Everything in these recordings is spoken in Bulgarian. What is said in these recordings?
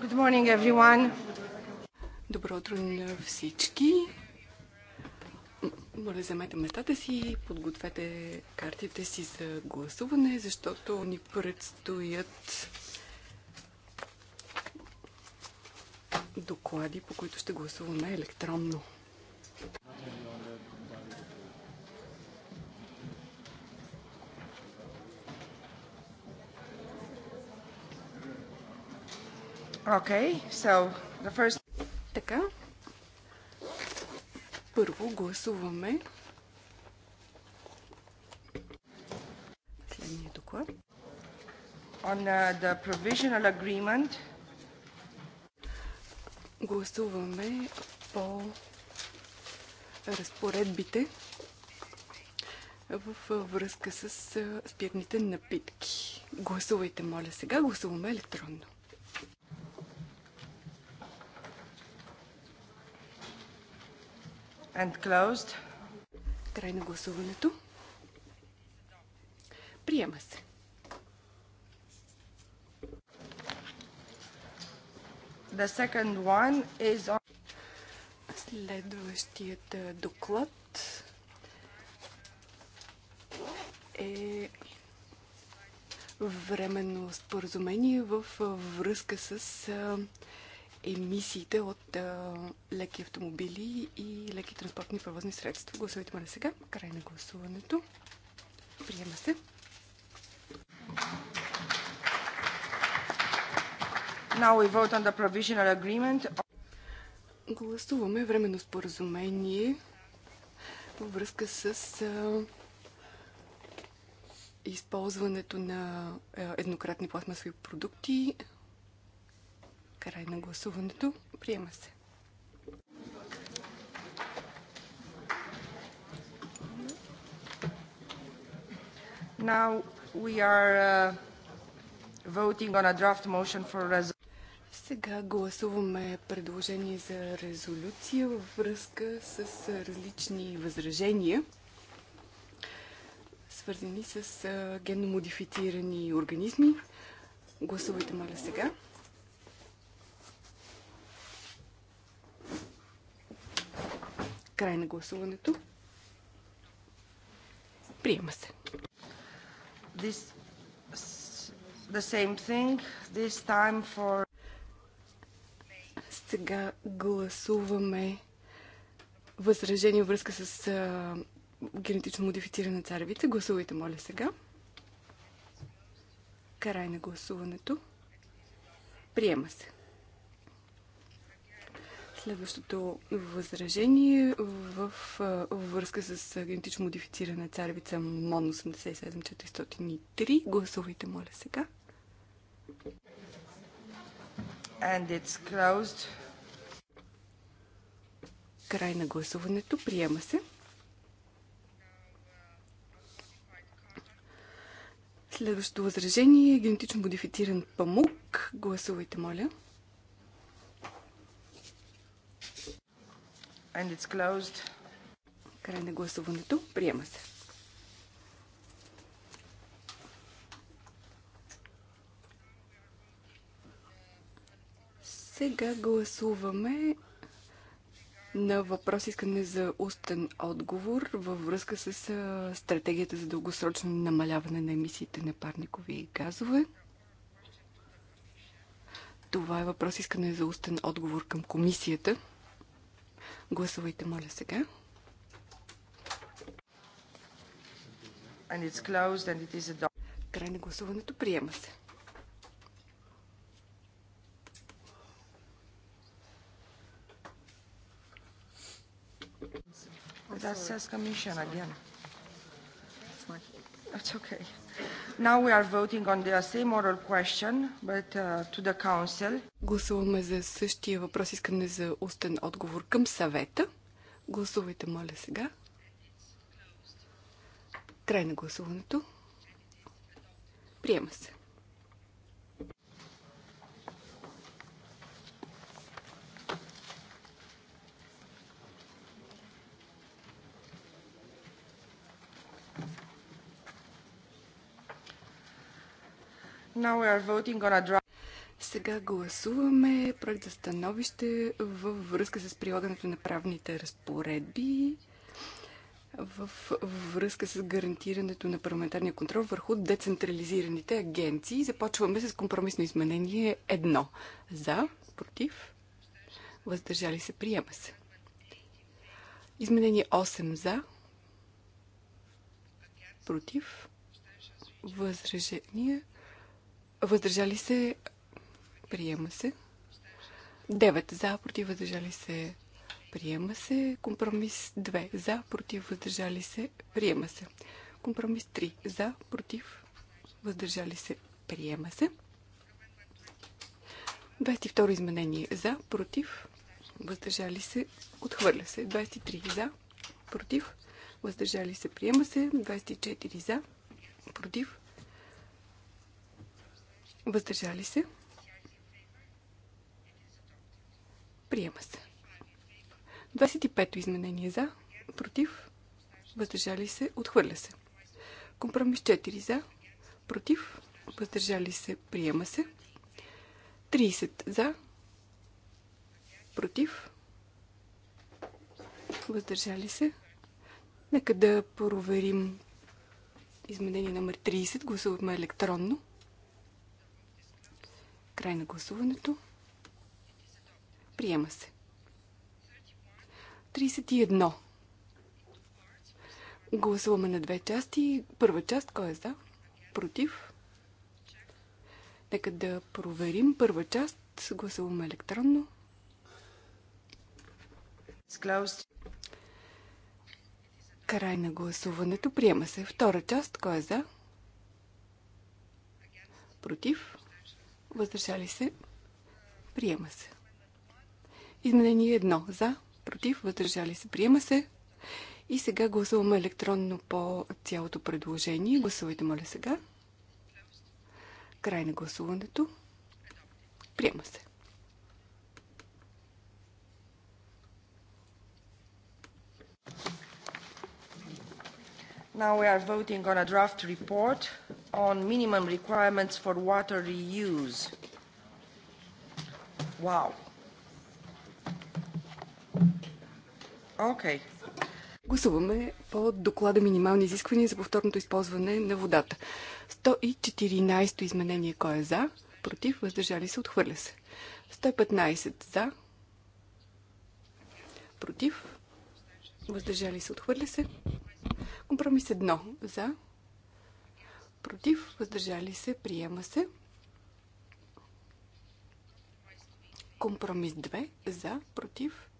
Good morning, everyone. Добро утро на всички. Моля, вземете местата си, подгответе картите си за гласуване, защото ни предстоят доклади, по които ще гласуваме електронно. Okay, so the first... Така. Първо гласуваме следния доклад. On uh, the provisional agreement. Гласуваме по разпоредбите в връзка с спиртните напитки. Гласувайте, моля сега. Гласуваме електронно. And closed. Край на гласуването. Приема се. The second one is on... Следващият е, доклад е временно споразумение в е, връзка с е, емисиите от а, леки автомобили и леки транспортни превозни средства. Гласувайте ме сега. Край на гласуването. Приема се. Now we vote on the provisional agreement. Гласуваме временно споразумение във връзка с а, използването на еднократни пластмасови продукти Край на гласуването. Приема се. Now we are uh, voting on a draft motion for Сега гласуваме предложение за резолюция във връзка с различни възражения, свързани с генномодифицирани организми. Гласувайте, моля, сега. Край на гласуването. Приема се. This, the same thing, this time for... Сега гласуваме възражение връзка с а, генетично модифицирана царевица. Гласувайте, моля, сега. Край на гласуването. Приема се. Следващото възражение в връзка с генетично модифицирана царевица МОН 87403. Гласувайте, моля, сега. And it's closed. Край на гласуването. Приема се. Следващото възражение е генетично модифициран памук. Гласувайте, моля. And it's closed. Край на гласуването. Приема се. Сега гласуваме на въпрос искане за устен отговор във връзка с стратегията за дългосрочно намаляване на емисиите на парникови газове. Това е въпрос искане за устен отговор към комисията. Гласувайте, моля сега. And it's closed and it is a... Край на гласуването приема се. That says commission again. It's okay. Now we are voting on the same oral question, but uh, to the council. Гласуваме за същия въпрос, искане за устен отговор към съвета. Гласувайте, моля, сега. Край на гласуването. Приема се. A... Сега гласуваме проект за становище във връзка с прилагането на правните разпоредби в връзка с гарантирането на парламентарния контрол върху децентрализираните агенции. Започваме с компромисно изменение едно. За, против, въздържали се, приема се. Изменение 8 за, против, възражение. Въздържали се. Приема се. 9 за, против, въздържали се. Приема се. Компромис 2 за, против, въздържали се. Приема се. Компромис 3 за, против, въздържали се. Приема се. 22 изменение за, против, въздържали се, отхвърля се. 23 за, против, въздържали се, приема се. 24 за, против, Въздържали се. Приема се. 25-то изменение за, против, въздържали се, отхвърля се. Компромис 4 за, против, въздържали се, приема се. 30 за, против, въздържали се. Нека да проверим изменение номер 30. Гласуваме електронно. Край на гласуването. Приема се. 31. Гласуваме на две части. Първа част, кой е за? Против? Нека да проверим. Първа част гласуваме електронно. Край на гласуването. Приема се. Втора част, кой е за? Против? въздържали се, приема се. Изменение едно за, против, въздържали се, приема се. И сега гласуваме електронно по цялото предложение. Гласувайте, моля, сега. Край на гласуването. Приема се. Now we are voting on a draft report on minimum requirements for water reuse. Wow. Okay. Гласуваме по доклада минимални изисквания за повторното използване на водата. 114 изменение. Кой е за? Против? Въздържали се? Отхвърля се. 115 за. Против? Въздържали се? Отхвърля се. Компромис 1 за, против, въздържали се, приема се. Компромис 2 за, против,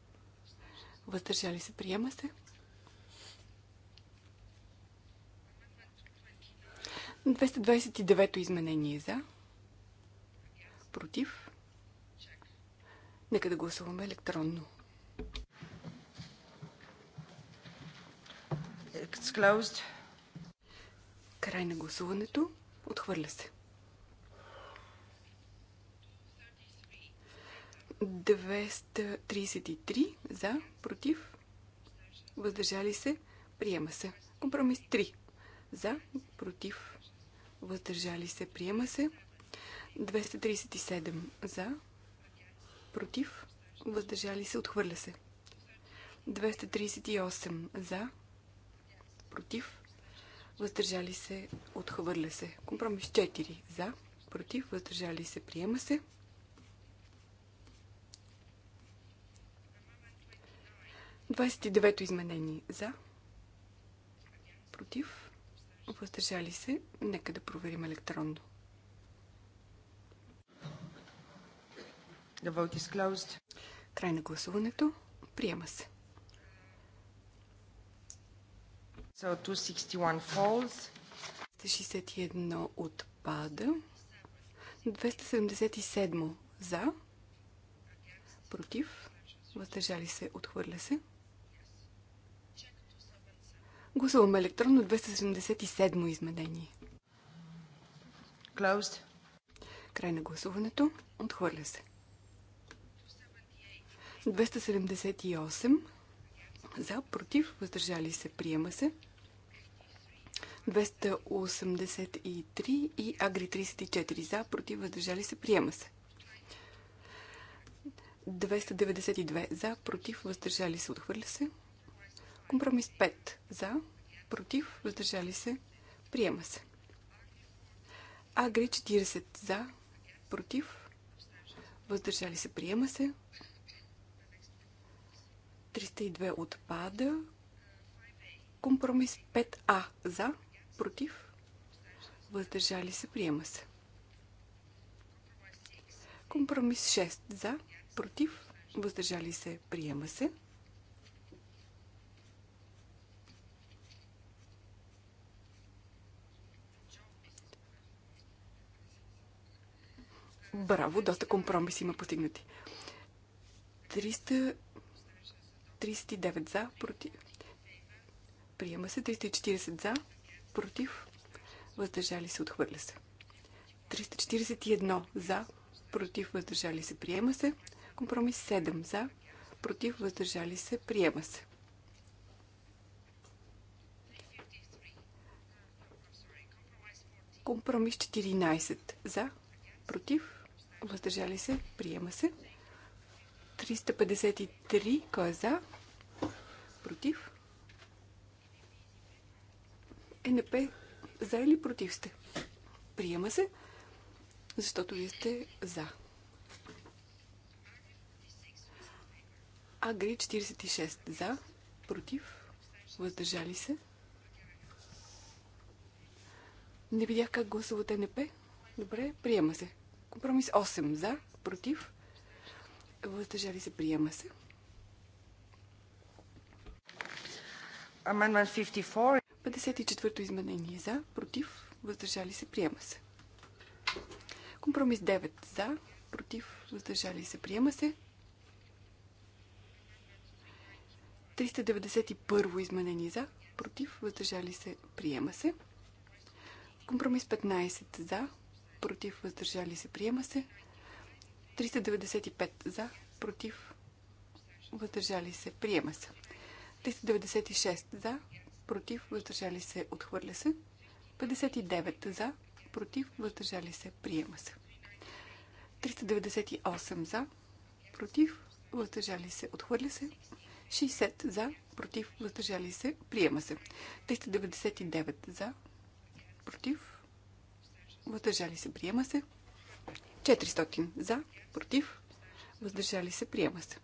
въздържали се, приема се. 229 изменение за, против. Нека да гласуваме електронно. It's closed. Край на гласуването. Отхвърля се. 233 за, против, въздържали се, приема се. Компромис 3 за, против, въздържали се, приема се. 237 за, против, въздържали се, отхвърля се. 238 за, против, въздържали се, отхвърля се. Компромис 4 за, против, въздържали се, приема се. Двадесет и девето изменение за, против, въздържали се. Нека да проверим електронно. The vote is closed. Край на гласуването. Приема се. So 261 falls. 261 отпада. 277 за. Против. Въздържали се. Отхвърля се. Гласуваме електронно 277 изменение. Closed. Край на гласуването. Отхвърля се. 278 за, против, въздържали се, приема се. 283 и Агри 34 за, против, въздържали се, приема се. 292 за, против, въздържали се, отхвърля се. Компромис 5 за, против, въздържали се, приема се. Агри 40 за, против, въздържали се, приема се. 302 отпада. Компромис 5А за, против, въздържали се, приема се. Компромис 6 за, против, въздържали се, приема се. Браво, доста компромиси има постигнати. 339 за, против. Приема се 340 за, против, въздържали се, отхвърля се. 341 за, против, въздържали се, приема се. Компромис 7 за, против, въздържали се, приема се. Компромис 14 за, против, въздържали се, приема се. 353, кой е за, против, е, НП за или против сте? Приема се, защото вие сте за. Агри 46 за, против, въздържали се. Не видях как гласувате НП. Добре, приема се. Компромис 8 за, против, въздържали се, приема се. Amendment 54. 54-то изменение за, против, въздържали се, приема се. Компромис 9 за, против, въздържали се, приема се. 391 изменение за, против, въздържали се, приема се. Компромис 15 за, против, въздържали се, приема се. 395 за, против, въздържали се, приема се. 396 за, против, въздържали се, отхвърля се. 59 за, против, въздържали се, приема се. 398 за, против, въздържали се, отхвърля се. 60 за, против, въздържали се, приема се. 399 за, против, въздържали се, приема се. 400 за, против, въздържали се, приема се.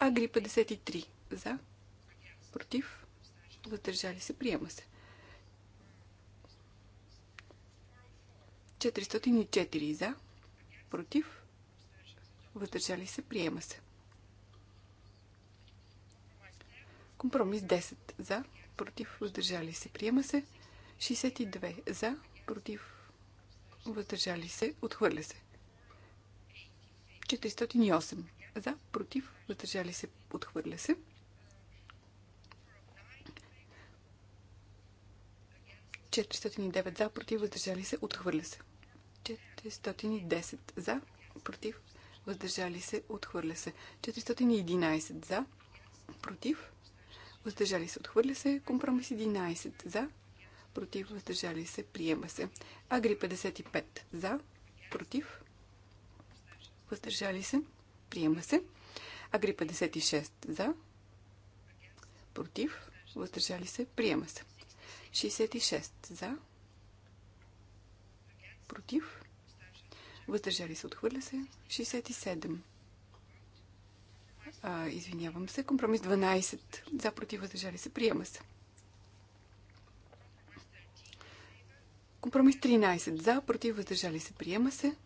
Агри 53 за, против, въздържали се, приема се. 404 за, против, въздържали се, приема се. Компромис 10 за, против, въздържали се, приема се. 62 за, против, въздържали се, отхвърля се. 408 за, против, въздържали се, отхвърля се. 409 за, против, въздържали се, отхвърля се. 410 за, против, въздържали се, отхвърля се. 411 за, против, въздържали се, отхвърля се. Компромис 11 за, против, въздържали се, приема се. Агри 55 за, против, въздържали се, приема се. Агри 56 за, против, въздържали се, приема се. 66 за. Против. Въздържали се, отхвърля се. 67. А, извинявам се. Компромис 12. За, против, въздържали се. Приема се. Компромис 13. За, против, въздържали се. Приема се.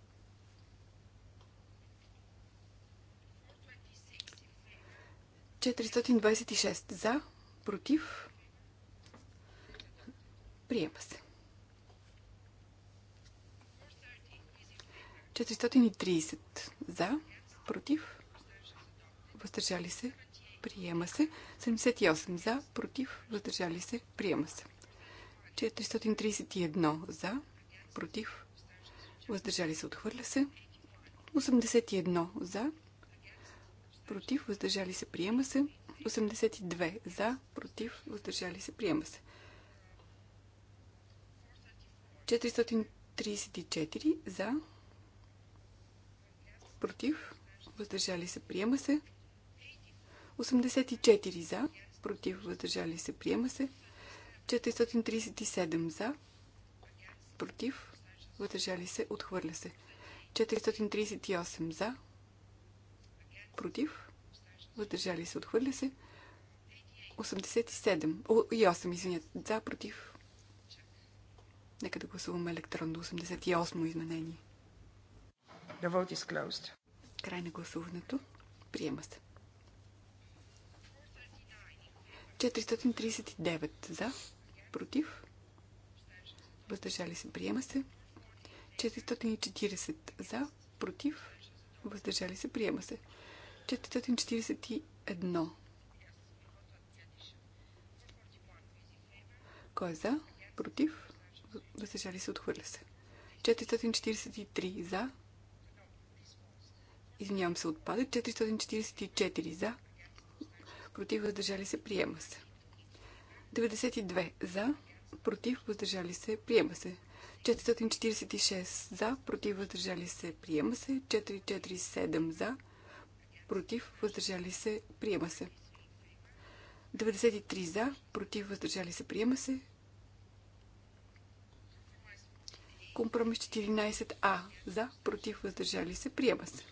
426 за, против, Приема се. 430 за, против, въздържали се, приема се. 78 за, против, въздържали се, приема се. 431 за, против, въздържали се, отхвърля се. 81 за, против, въздържали се, приема се. 82 за, против, въздържали се, приема се. 434 за, против, въздържали се, приема се. 84 за, против, въздържали се, приема се. 437 за, против, въздържали се, отхвърля се. 438 за, против, въздържали се, отхвърля се. 87, и 8, извинят, за, против, Нека да гласуваме електронно 88 изменение. The vote is closed. Край на гласуването. Приема се. 439 за, против, въздържали се, приема се. 440 за, против, въздържали се, приема се. 441. Кой е за? Против? въздържали се, отхвърля се. 443 за. Извинявам се, отпада. 444 за. Против, въздържали се, приема се. 92 за. Против, въздържали се, приема се. 446 за. Против, въздържали се, приема се. 447 за. Против, въздържали се, приема се. 93 за. Против, въздържали се, приема се. Компромис 14А. За, против, въздържали се, приема се.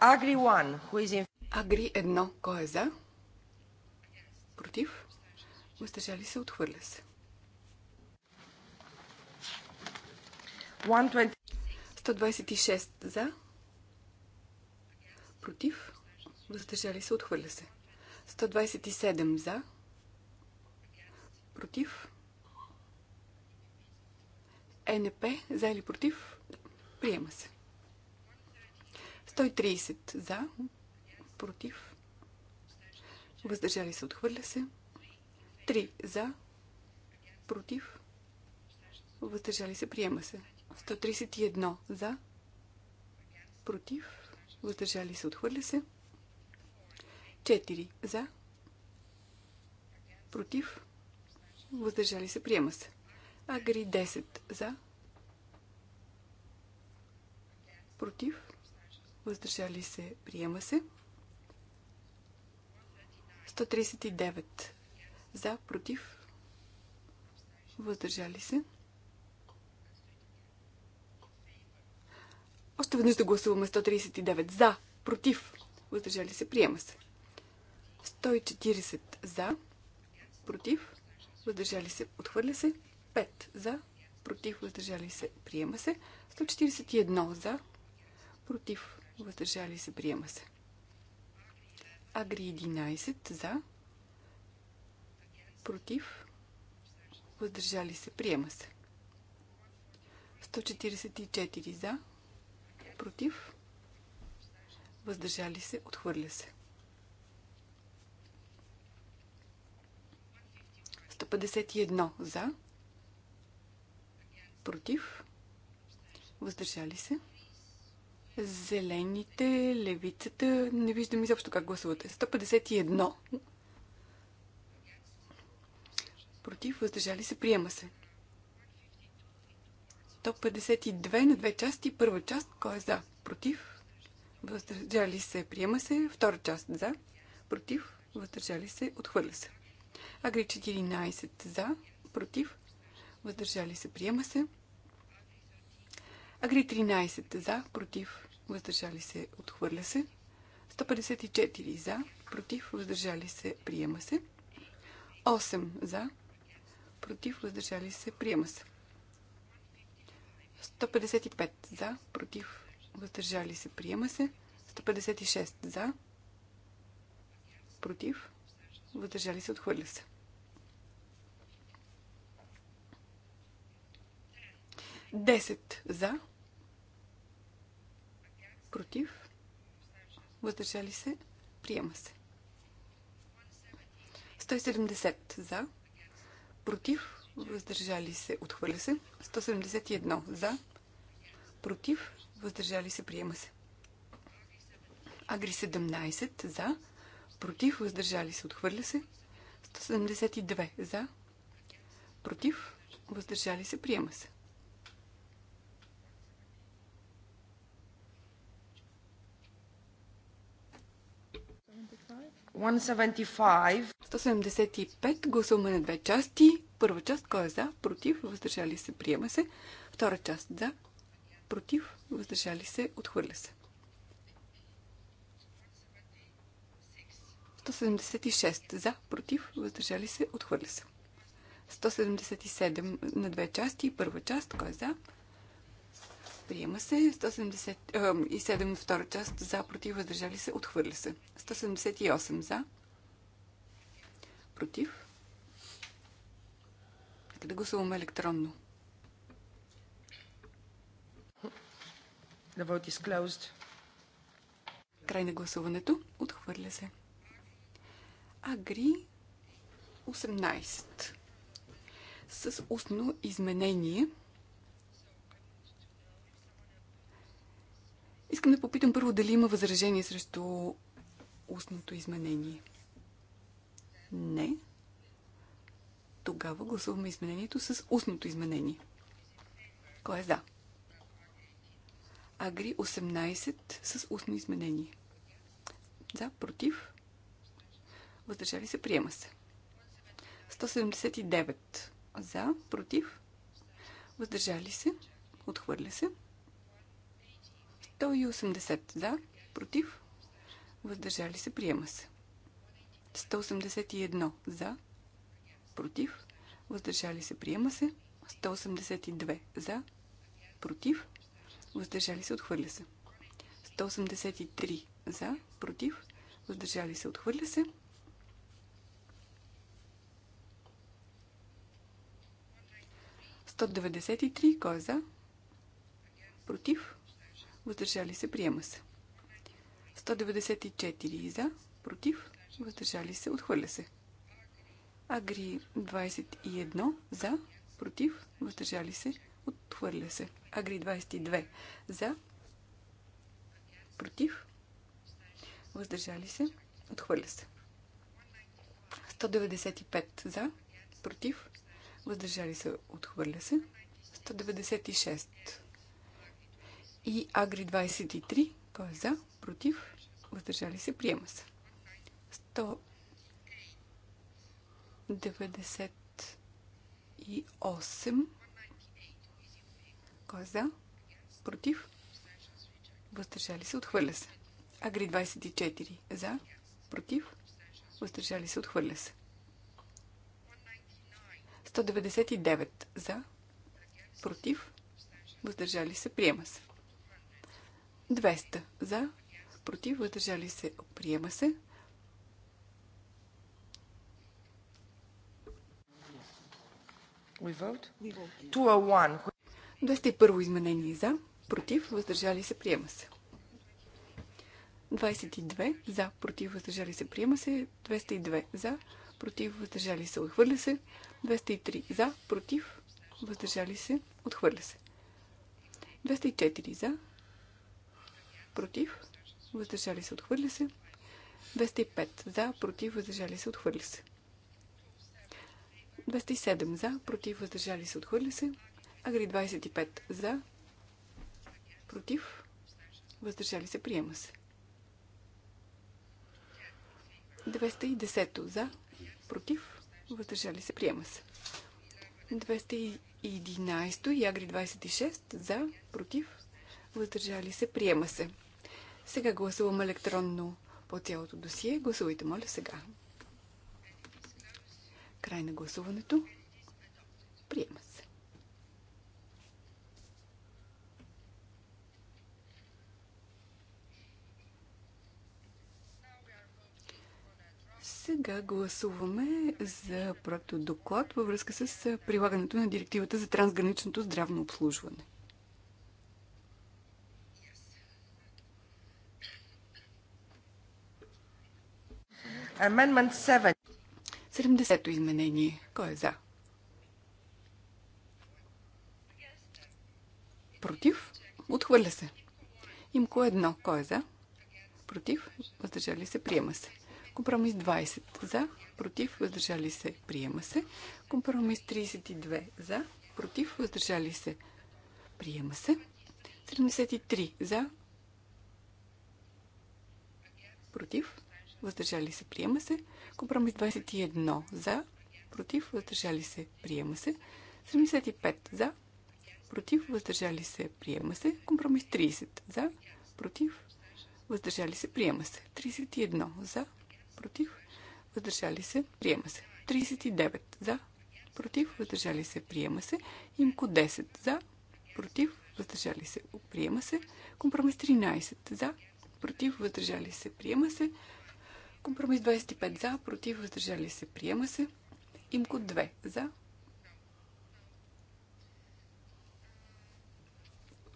Агри 1, Агри 1, кой е за? Против? Въздържали се, отхвърля се. 126 за, против, въздържали се, отхвърля се. 127 за, против, е НП, за или против, приема се. 130 за, против, въздържали се, отхвърля се. 3 за, против, въздържали се, приема се. 131 за, против, въздържали се, отхвърля се. 4 за, против, въздържали се, приема се. Агри 10 за, против, въздържали се, приема се. 139 за, против, въздържали се. Още веднъж да гласуваме 139 за, против, въздържали се, приема се. 140 за, против, въздържали се, отхвърля се. 5 за, против, въздържали се, приема се. 141 за, против, въздържали се, приема се. Агри 11 за, против, въздържали се, приема се. 144 за, против, въздържали се, отхвърля се. 151 за, против, въздържали се. Зелените, левицата, не виждам изобщо как гласувате. 151 против, въздържали се, приема се. 152 на две части. Първа част, кой е за? Против? Въздържали се, приема се. Втора част за. Против? Въздържали се, отхвърля се. Агри 14 за. Против? Въздържали се, приема се. Агри 13 за. Против? Въздържали се, отхвърля се. 154 за. Против? Въздържали се, приема се. 8 за. Против? Въздържали се, приема се. 155 за, против, въздържали се, приема се. 156 за, против, въздържали се, отхвърля се. 10 за, против, въздържали се, приема се. 170 за, против, въздържали се, отхвърля се. 171 за, против, въздържали се, приема се. Агри 17 за, против, въздържали се, отхвърля се. 172 за, против, въздържали се, приема се. One 175 гласуваме на две части. Първа част, кой е за, против, въздържали се, приема се. Втора част, за, против, въздържали се, отхвърля се. 176 за, против, въздържали се, отхвърля се. 177 на две части. Първа част, кой е за? Приема се. 177 втора част за, против, въздържали се, отхвърля се. 178 за, против, Искате да гласуваме електронно. The vote is closed. Край на гласуването. Отхвърля се. Агри 18. С устно изменение. Искам да попитам първо дали има възражение срещу устното изменение. Не. Тогава гласуваме изменението с устното изменение. Кой е за? Агри 18 с устно изменение. За, против, въздържали се, приема се. 179 за, против, въздържали се, отхвърля се. 180 за, против, въздържали се, приема се. 181 за, против, въздържали се, приема се. 182 за, против, въздържали се, отхвърля се. 183 за, против, въздържали се, отхвърля се. 193, кой е за? Против, въздържали се, приема се. 194 за, против, въздържали се, отхвърля се. Агри 21 за, против, въздържали се, отхвърля се. Агри 22 за, против, въздържали се, отхвърля се. 195 за, против, въздържали се, отхвърля се. 196 и Агри 23, кой е за, против, въздържали се, приема се. 98. Кой е за? Против? Въздържали се, отхвърля се. Агри 24. За? Против? Въздържали се, отхвърля се. 199. За? Против? Въздържали се, приема се. 200. За? Против? Въздържали се, приема се. We vote? We vote. 201. 201 изменение за, против, въздържали се, приема се. 22 за, против, въздържали се, приема се. 202 за, против, въздържали се, отхвърля се. 203 за, против, въздържали се, отхвърля се. 204 за, против, въздържали се, отхвърля се. 205 за, против, въздържали се, отхвърля се. 207 за, против, въздържали се, отхвърля се. Агри 25 за, против, въздържали се, приема се. 210 за, против, въздържали се, приема се. 211 и Агри 26 за, против, въздържали се, приема се. Сега гласувам електронно по цялото досие. Гласувайте, моля, сега. Край на гласуването. Приема се. Сега гласуваме за проекто доклад във връзка с прилагането на директивата за трансграничното здравно обслужване. Amendment 7. 70-то изменение. Кой е за? Против? Отхвърля се. Имко едно. Кой е за? Против? Въздържали се. Приема се. Компромис 20 за. Против? Въздържали се. Приема се. Компромис 32 за. Против? Въздържали се. Приема се. 73 за. Против? въздържали се, приема се. Компромис 21 за, против, въздържали се, приема се. 75 за, против, въздържали се, приема се. Компромис 30 за, против, въздържали се, приема се. 31 за, против, въздържали се, приема се. 39 за, против, въздържали се, приема се. Имко 10 за, против, въздържали се, приема се. Компромис 13 за, против, въздържали се, приема се. Компромис 25 за, против, въздържали се, приема се. Имко 2 за.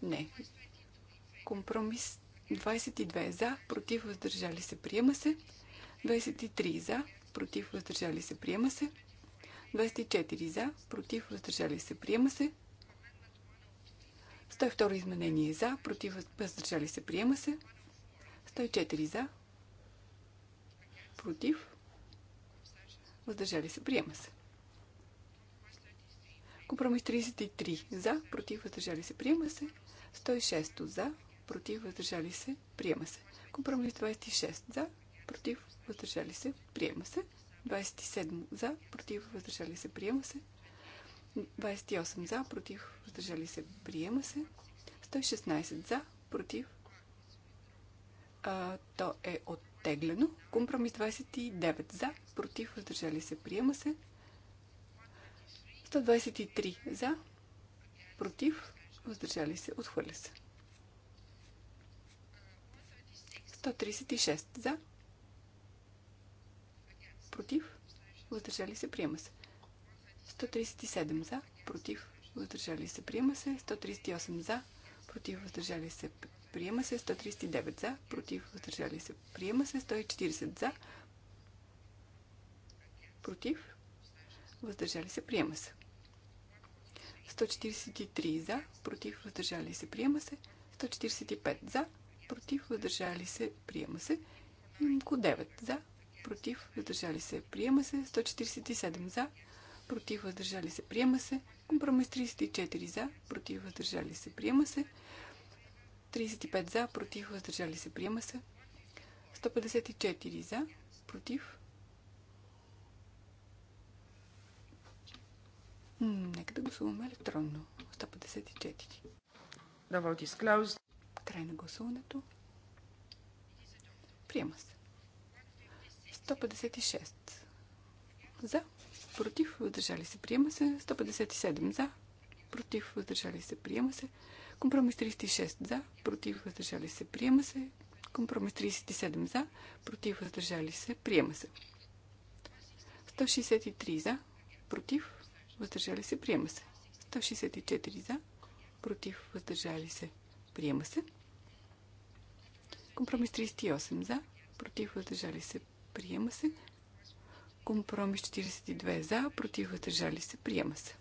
Не. Компромис 22 за, против, въздържали се, приема се. 23 за, против, въздържали се, приема се. 24 за, против, въздържали се, приема се. 102 изменение за, против, въздържали се, приема се. 104 за, Против. Въздържали се. Приема се. Компромис 33. За. Против. Въздържали се. Приема се. 106. За. Против. Въздържали се. Приема се. Компромис 26. За. Против. Въздържали се. Приема се. 27. За. Против. Въздържали се. Приема се. 28 за, против, въздържали се, приема се. 116 за, против. А, то е от оттеглено. Компромис 29 за, против, въздържали се, приема се. 123 за, против, въздържали се, отхвърля се. 136 за, против, въздържали се, приема се. 137 за, против, въздържали се, приема се. 138 за, против, въздържали се, Приема се 139 за, против, въздържали се. Приема се 140 за, против, въздържали се. Приема се. 143 за, против, въздържали се. Приема се. 145 за, против, въздържали се. Приема се. Имко 9 за, против, въздържали се. Приема се. 147 за, против, въздържали се. Приема се. Компромис 34 за, против, въздържали се. Приема се. 35 за, против, въздържали се, приема се. 154 за, против. Нека да гласуваме електронно. 154. Да, vote is Край на гласуването. Приема се. 156 за, против, въздържали се, приема се. 157 за, против, въздържали се, приема се. Компромис 36 за, против, въздържали се, приема се. Компромис 37 за, против, въздържали се, приема се. 163 за, против, въздържали се, приема се. 164 за, против, въздържали се, приема се. Компромис 38 за, против, въздържали се, приема се. Компромис 42 за, против, въздържали се, приема се.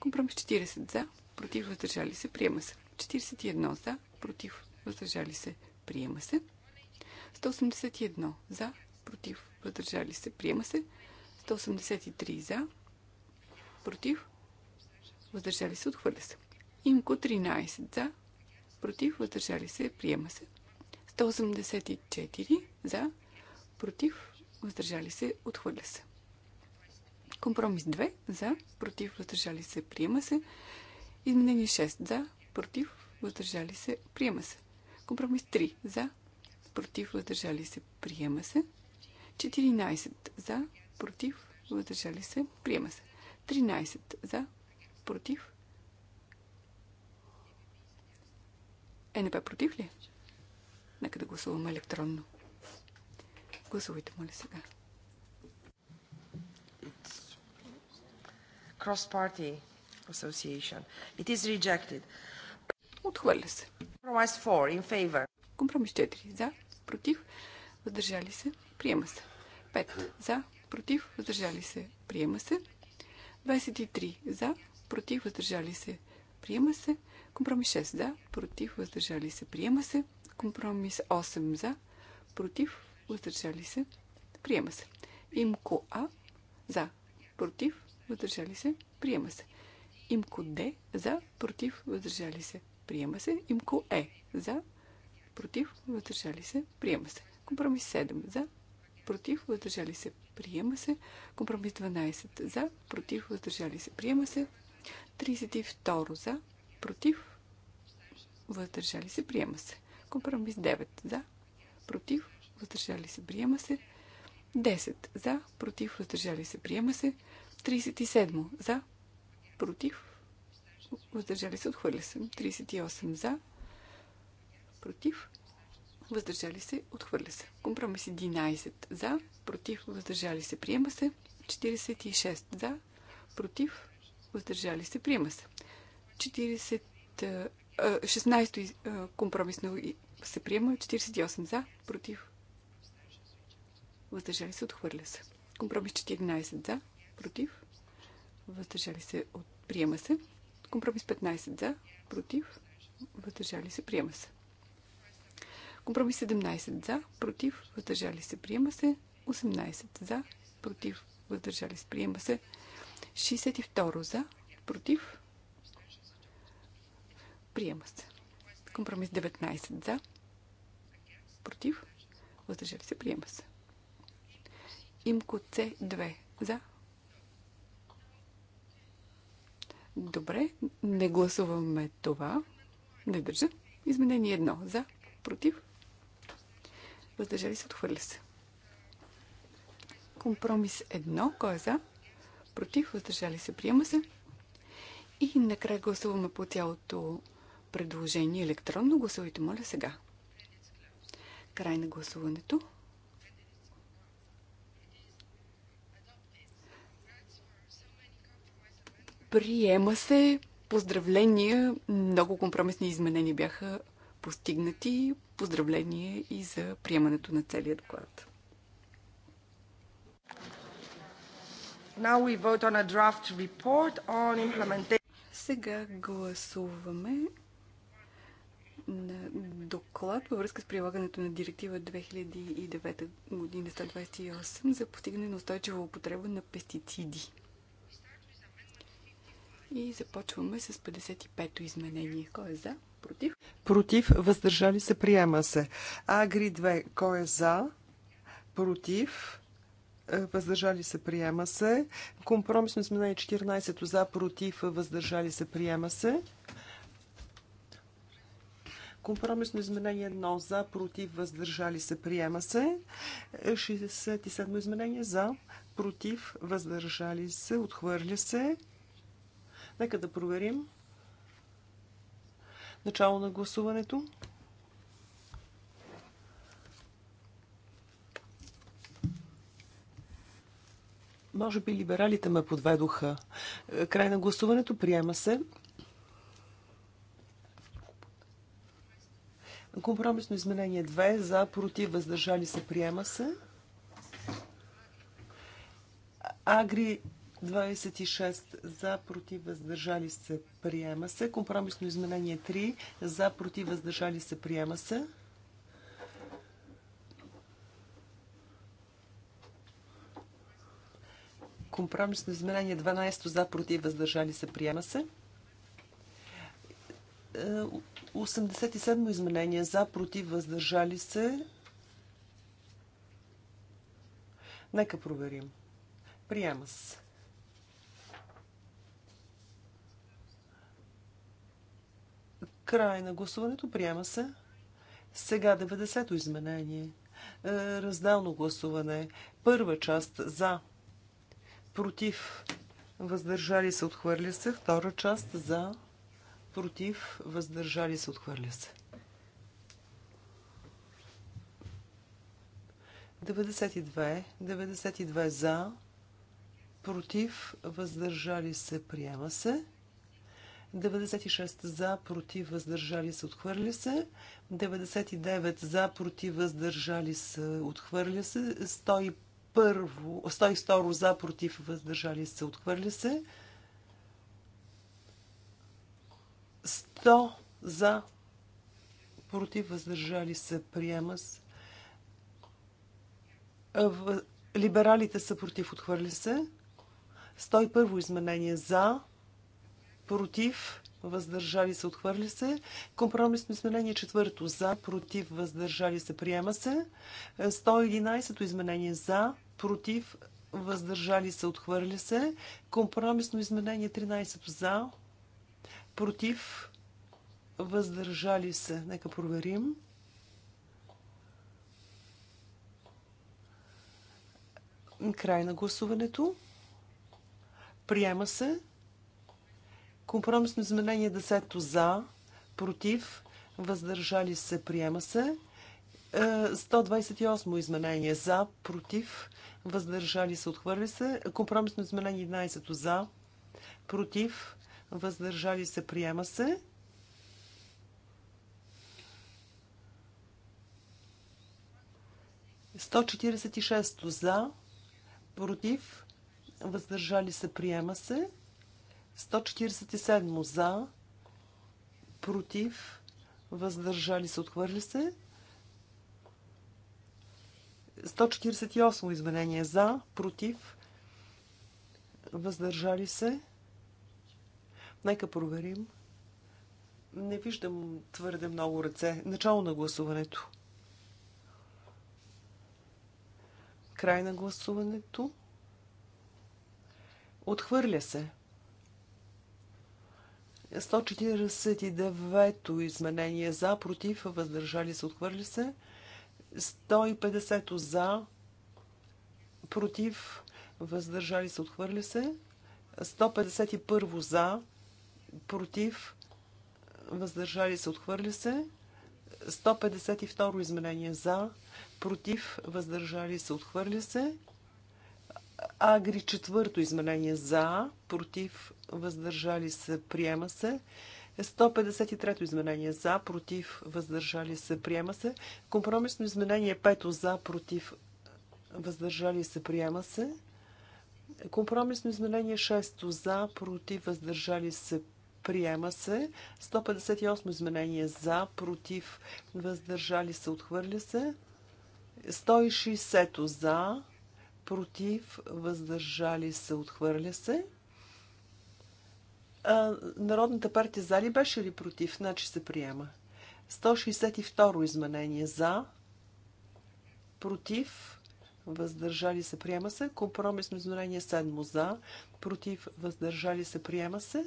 Компромис 40 за, против, въздържали се, приема се. 41 за, против, въздържали се, приема се. 181 за, против, въздържали се, приема се. 183 за, против, въздържали се, отхвърля се. Имко 13 за, против, въздържали се, приема се. 184 за, против, въздържали се, отхвърля се. Компромис 2 за, против, въздържали се, приема се. Изменение 6 за, против, въздържали се, приема се. Компромис 3 за, против, въздържали се, приема се. 14 за, против, въздържали се, приема се. 13 за, против. Е, не бе против ли? Нека да гласуваме електронно. Гласувайте, моля сега. Cross party association. It is rejected. Отхвърля се. Compromise 4 in favor. Компромис 4 за, против, въздържали се, приема се. 5 за, против, въздържали се, приема се. 23 за, против, въздържали се, приема се. Компромис 6 за, против, въздържали се, приема се. Компромис 8 за, против, въздържали се, приема се. Имко А за, против, въздържали се, приема се. Имко Д за, против, въздържали се, приема се. Имко Е за, против, въздържали се, приема се. Компромис 7 за, против, въздържали се, приема се. Компромис 12 за, против, въздържали се, приема се. 32 за, против, въздържали се, приема се. Компромис 9 за, против, въздържали се, приема се. 10 за, против, въздържали се, приема се. 37 за, против, въздържали се, отхвърля се. 38 за, против, въздържали се, отхвърля се. Компромис 11 за, против, въздържали се, приема се. 46 за, против, въздържали се, приема се. 40, 16 компромисно се приема, 48 за, против, въздържали се, отхвърля се. Компромис 14 за, против, въздържали се, от Приема се. Компромис 15 за, против, въздържали се, приема се. Компромис 17 за, против, въздържали се, приема се. 18 за, против, въздържали се, приема се. 62 за, против, приема се. Компромис 19 за, против, въздържали се, приема се. Имко С2 за, Добре, не гласуваме това. Не държа. Изменение едно. За, против. Въздържали се, отхвърля се. Компромис едно. Кой е за? Против, въздържали се, приема се. И накрая гласуваме по цялото предложение електронно. Гласувайте, моля, сега. Край на гласуването. Приема се. Поздравления. Много компромисни изменения бяха постигнати. Поздравление и за приемането на целият доклад. Сега гласуваме на доклад във връзка с прилагането на директива 2009 година 128 за постигане на устойчива употреба на пестициди. И започваме с 55-то изменение. Кой е за? Против? Против. Въздържали се. Приема се. Агри 2. Кой е, е за? Против. Въздържали се. Приема се. Компромисно изменение 14 за. Против. Въздържали се. Приема се. Компромисно изменение 1 за, против, въздържали се, приема се. 67 изменение за, против, въздържали се, отхвърля се. Нека да проверим. Начало на гласуването. Може би либералите ме подведоха. Край на гласуването приема се. Компромисно изменение 2. За, против, въздържали се, приема се. Агри 26 за, против, въздържали се, приема се. Компромисно изменение 3 за, против, въздържали се, приема се. Компромисно изменение 12 за, против, въздържали се, приема се. 87 е, изменение за, против, въздържали се. Нека проверим. Приема се. Край на гласуването. Приема се. Сега 90-то изменение. Е, раздално гласуване. Първа част за. Против. Въздържали се. Отхвърля се. Втора част за. Против. Въздържали се. Отхвърля се. 92. 92 за. Против. Въздържали се. Приема се. 96 за, против, въздържали се, отхвърля се. 99 за, против, въздържали се, отхвърля се. 101, 102 за, против, въздържали се, отхвърля се. 100 за, против, въздържали се, приема се. Либералите са против, отхвърли се. 101 изменение за, против, въздържали се, отхвърли се. Компромисно изменение четвърто за, против, въздържали се, приема се. 111-то е, изменение за, против, въздържали се, отхвърли се. Компромисно изменение 13 за, против, въздържали се. Нека проверим. Край на гласуването. Приема се. Компромисно изменение 10 за, против, въздържали се, приема се. 128 е, изменение за, против, въздържали се, отхвърли се. Компромисно изменение 11 за, против, въздържали се, приема се. Сто четиридесет и шесто за, против, въздържали се, приема се. 147 за, против, въздържали се, отхвърли се. 148 изменение за, против, въздържали се. Нека проверим. Не виждам твърде много ръце. Начало на гласуването. Край на гласуването. Отхвърля се. 149-то изменение за, против, въздържали се, отхвърли се. 150-то за, против, въздържали се, отхвърли се. 151 то за, против, въздържали се, отхвърли се. 152 изменение за, против, въздържали се, отхвърли се. Агри четвърто изменение за, против, въздържали се, приема се. 153 изменение за, против, въздържали се, приема се. Компромисно изменение 5 за, против, въздържали се, приема се. Компромисно изменение 6 за, против, въздържали се, приема се. 158 изменение за, против, въздържали се, отхвърля се. 160 за, против, въздържали се, отхвърля се. А, Народната партия за ли беше ли против? Значи се приема. 162 изменение за, против, въздържали се, приема се. Компромисно изменение 7 за, против, въздържали се, приема се.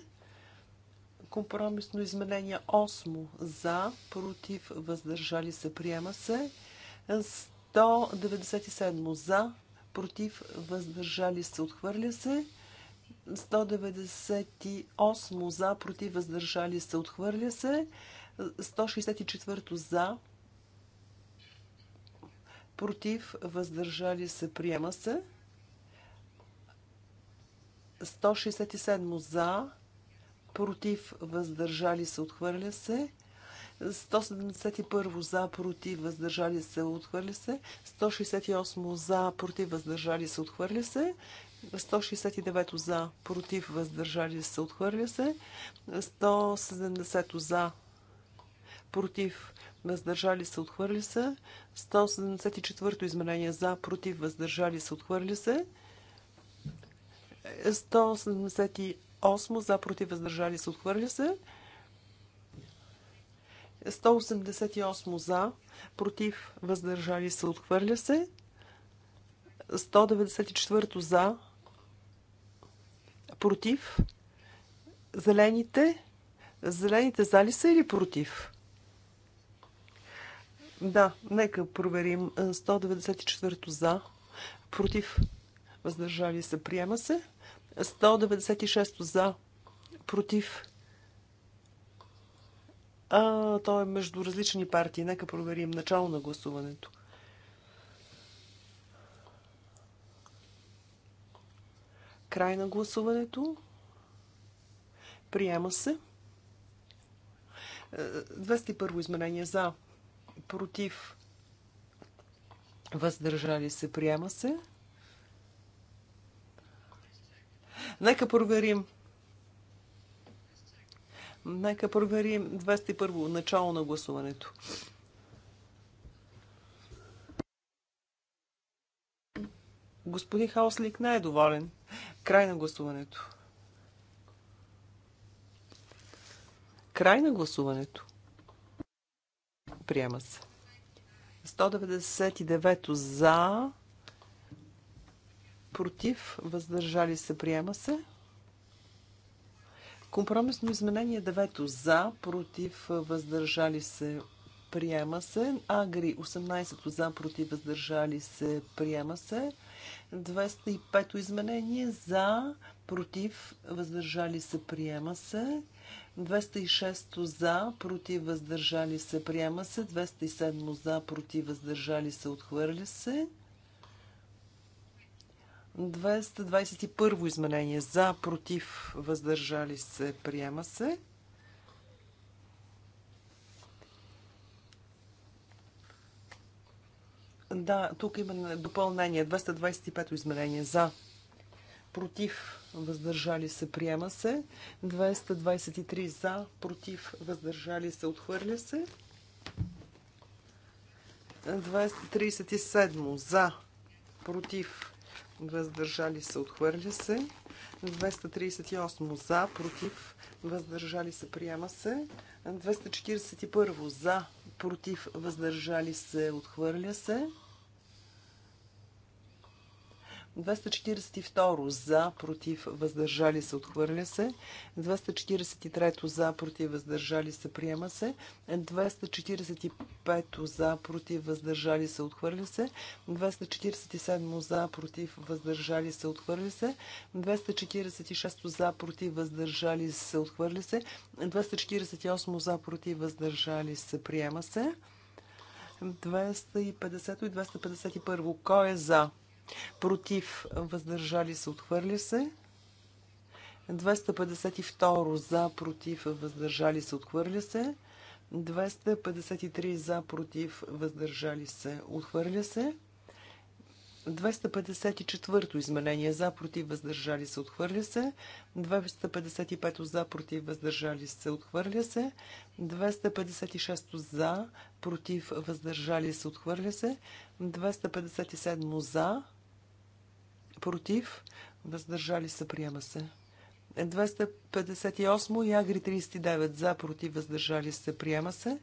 Компромисно изменение 8 за, против, въздържали се, приема се. 197 за, против, въздържали се, отхвърля се. 198 за, против, въздържали се, отхвърля се. 164 за, против, въздържали се, приема се. 167 за, против, въздържали се, отхвърля се. 171 за, против, въздържали се, отхвърля се. 168 за, против, въздържали се, отхвърля се. 169 за, против, въздържали се, отхвърля се. 170 за, против, въздържали се, отхвърли се. 174 изменение за, против, въздържали се, отхвърли се. 178 за, против, въздържали се, отхвърли се. 188 за, против, въздържали се, отхвърля се. 194 за, Против? Зелените? Зелените зали са или против? Да, нека проверим. 194 за. Против? Въздържали се? Приема се. 196 за. Против? А, то е между различни партии. Нека проверим начало на гласуването. 196. Край на гласуването. Приема се. 201 е, изменение за. Против. Въздържали се. Приема се. Нека проверим. Нека проверим 201 начало на гласуването. Господин Хауслик не е доволен. Край на гласуването. Край на гласуването. Приема се. 199 за, против, въздържали се, приема се. Компромисно изменение 9 за, против, въздържали се, приема се. Агри 18 за, против, въздържали се, приема се. 205 изменение за, против, въздържали се, приема се. 206 за, против, въздържали се, приема се. 207 за, против, въздържали се, отхвърли се. 221 изменение за, против, въздържали се, приема се. Да, тук има допълнение. 225 измерение за. Против. Въздържали се. Приема се. 223 за. Против. Въздържали се. Отхвърля се. 237 за. Против. Въздържали се. Отхвърля се. 238 за. Против. Въздържали се. Приема се. 241 за. Против. Въздържали се. Отхвърля се. 242 за, против, въздържали се, отхвърля се. 243 за, против, въздържали се, приема се. 245 за, против, въздържали се, отхвърля се. 247 за, против, въздържали се, отхвърля се. 246 за, против, въздържали се, отхвърля се. 248 за, против, въздържали се, приема се. 250 и 251. Кой е за? против, въздържали се, отхвърля се. 252 за, против, въздържали се, отхвърля се. 253 за, против, въздържали се, отхвърля се. 254 изменение за, против, въздържали се, отхвърля се. 255 за, против, въздържали се, отхвърля се. 256 за, против, въздържали се, отхвърля се. 257 за, против, въздържали се, приема се. 258 Ягри 39 за, против, въздържали се, приема се.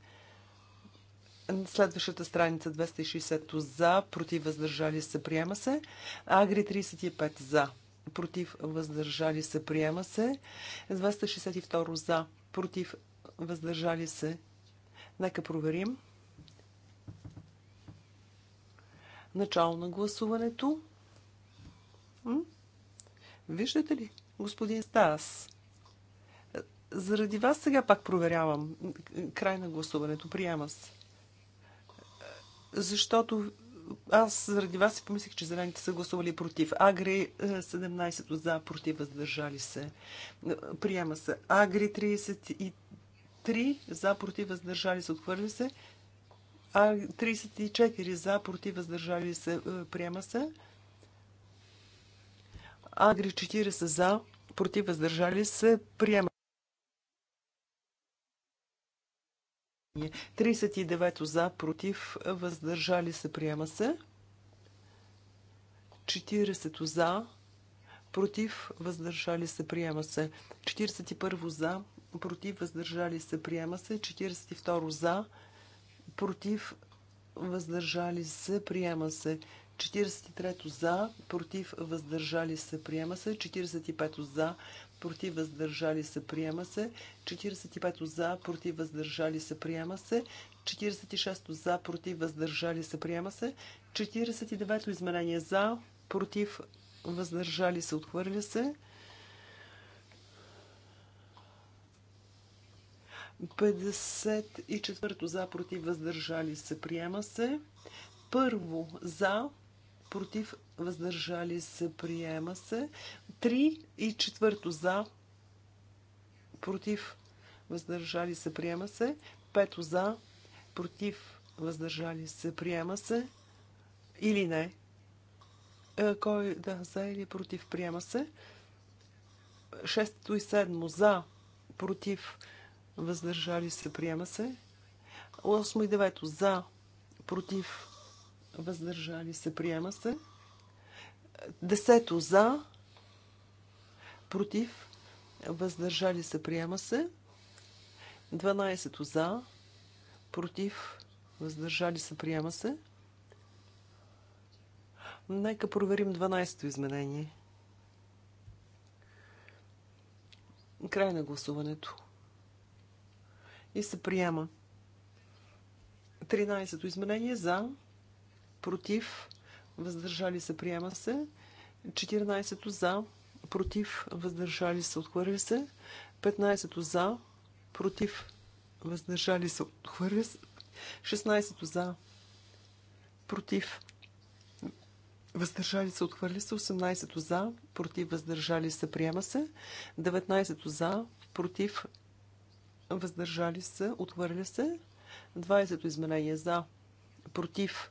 Следващата страница 260 за, против, въздържали се, приема се. Агри 35 за, против, въздържали се, приема се. 262 за, против, въздържали се. Нека проверим. Начало на гласуването. М? Виждате ли, господин Стас? Заради вас сега пак проверявам. Край на гласуването. Приема се. Защото аз заради вас си помислих, че зелените са гласували против. Агри 17 е, за, против, въздържали се. Приема се. Агри 33 за, против, въздържали се, отхвърли се. А 34 за, против, въздържали се, е, приема се. Агри 40 за, против въздържали се, приема. 39 за, против, въздържали се, приема се. 40 за, против, въздържали се, приема се. 41 за, против, въздържали се, приема се. 42 за, против, въздържали се, приема се. 43 за, против, въздържали се, приема се. 45 за, против, въздържали се, приема се. 45 за, против, въздържали се, приема се. 46 за, против, въздържали се, приема се. 49 изменение за, против, въздържали се, отхвърля се. 54 за, против, въздържали се, приема се. Първо за, против, въздържали се, приема се. 3 и четвърто за, против, въздържали се, приема се. Пето за, против, въздържали се, приема се. Или не. Е, кой, да, за или против, приема се. Шесто и седмо за, против, въздържали се, приема се. Осмо и девето за, против, въздържали се, приема се. Десето за, против, въздържали се, приема се. 12 за, против, въздържали се, приема се. Нека проверим 12-то изменение. Край на гласуването. И се приема. 13-то изменение за, против, въздържали се, приема се. 14 за, против, въздържали се, отхвърля се. 15 за, против, въздържали се, отхвърля се. 16 за, против, въздържали се, отхвърля се. 18 за, против, въздържали се, приема се. 19 за, против, въздържали се, отхвърля се. 20 изменение за, против,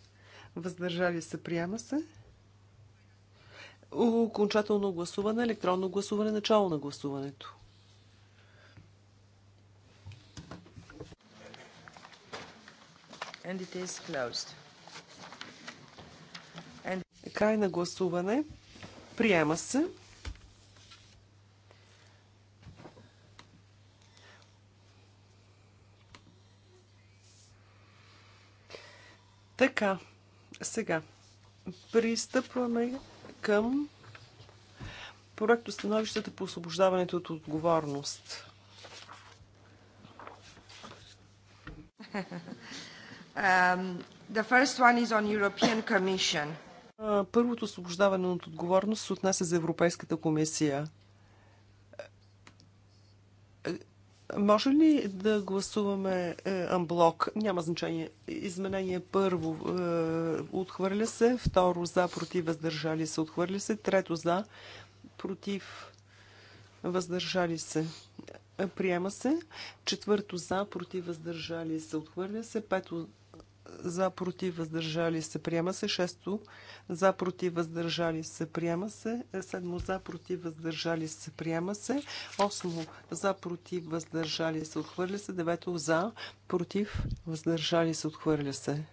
въздържали се, приема се. Окончателно гласуване, електронно гласуване, начало на гласуването. And it is closed. And... Край на гласуване. Приема се. Така, сега пристъпваме към проекто становищата по освобождаването от отговорност. Um, the first one is on European Commission. Първото освобождаване от отговорност се отнася за Европейската комисия. Може ли да гласуваме е, амблок? Няма значение. Изменение първо е, отхвърля се, второ за, против, въздържали се, отхвърля се, трето за, против, въздържали се, е, приема се, четвърто за, против, въздържали се, отхвърля се, пето за против въздържали се приема се. Шесто за против въздържали се приема се. Седмо за против въздържали се приема се. Осмо за против въздържали се отхвърля се. Девето за против въздържали се отхвърля се.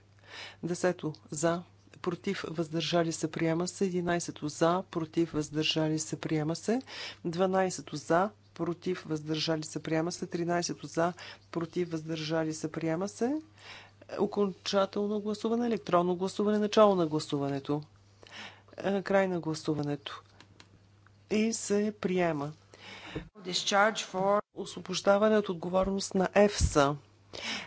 Десето за против въздържали се приема се. Единайсето за против въздържали се приема се. Дванайсето за против въздържали се приема се. Тринайсето за против въздържали се приема се. Окончателно гласуване, електронно гласуване, начало на гласуването, е, край на гласуването. И се приема. Освобождаване от отговорност на ЕФСА.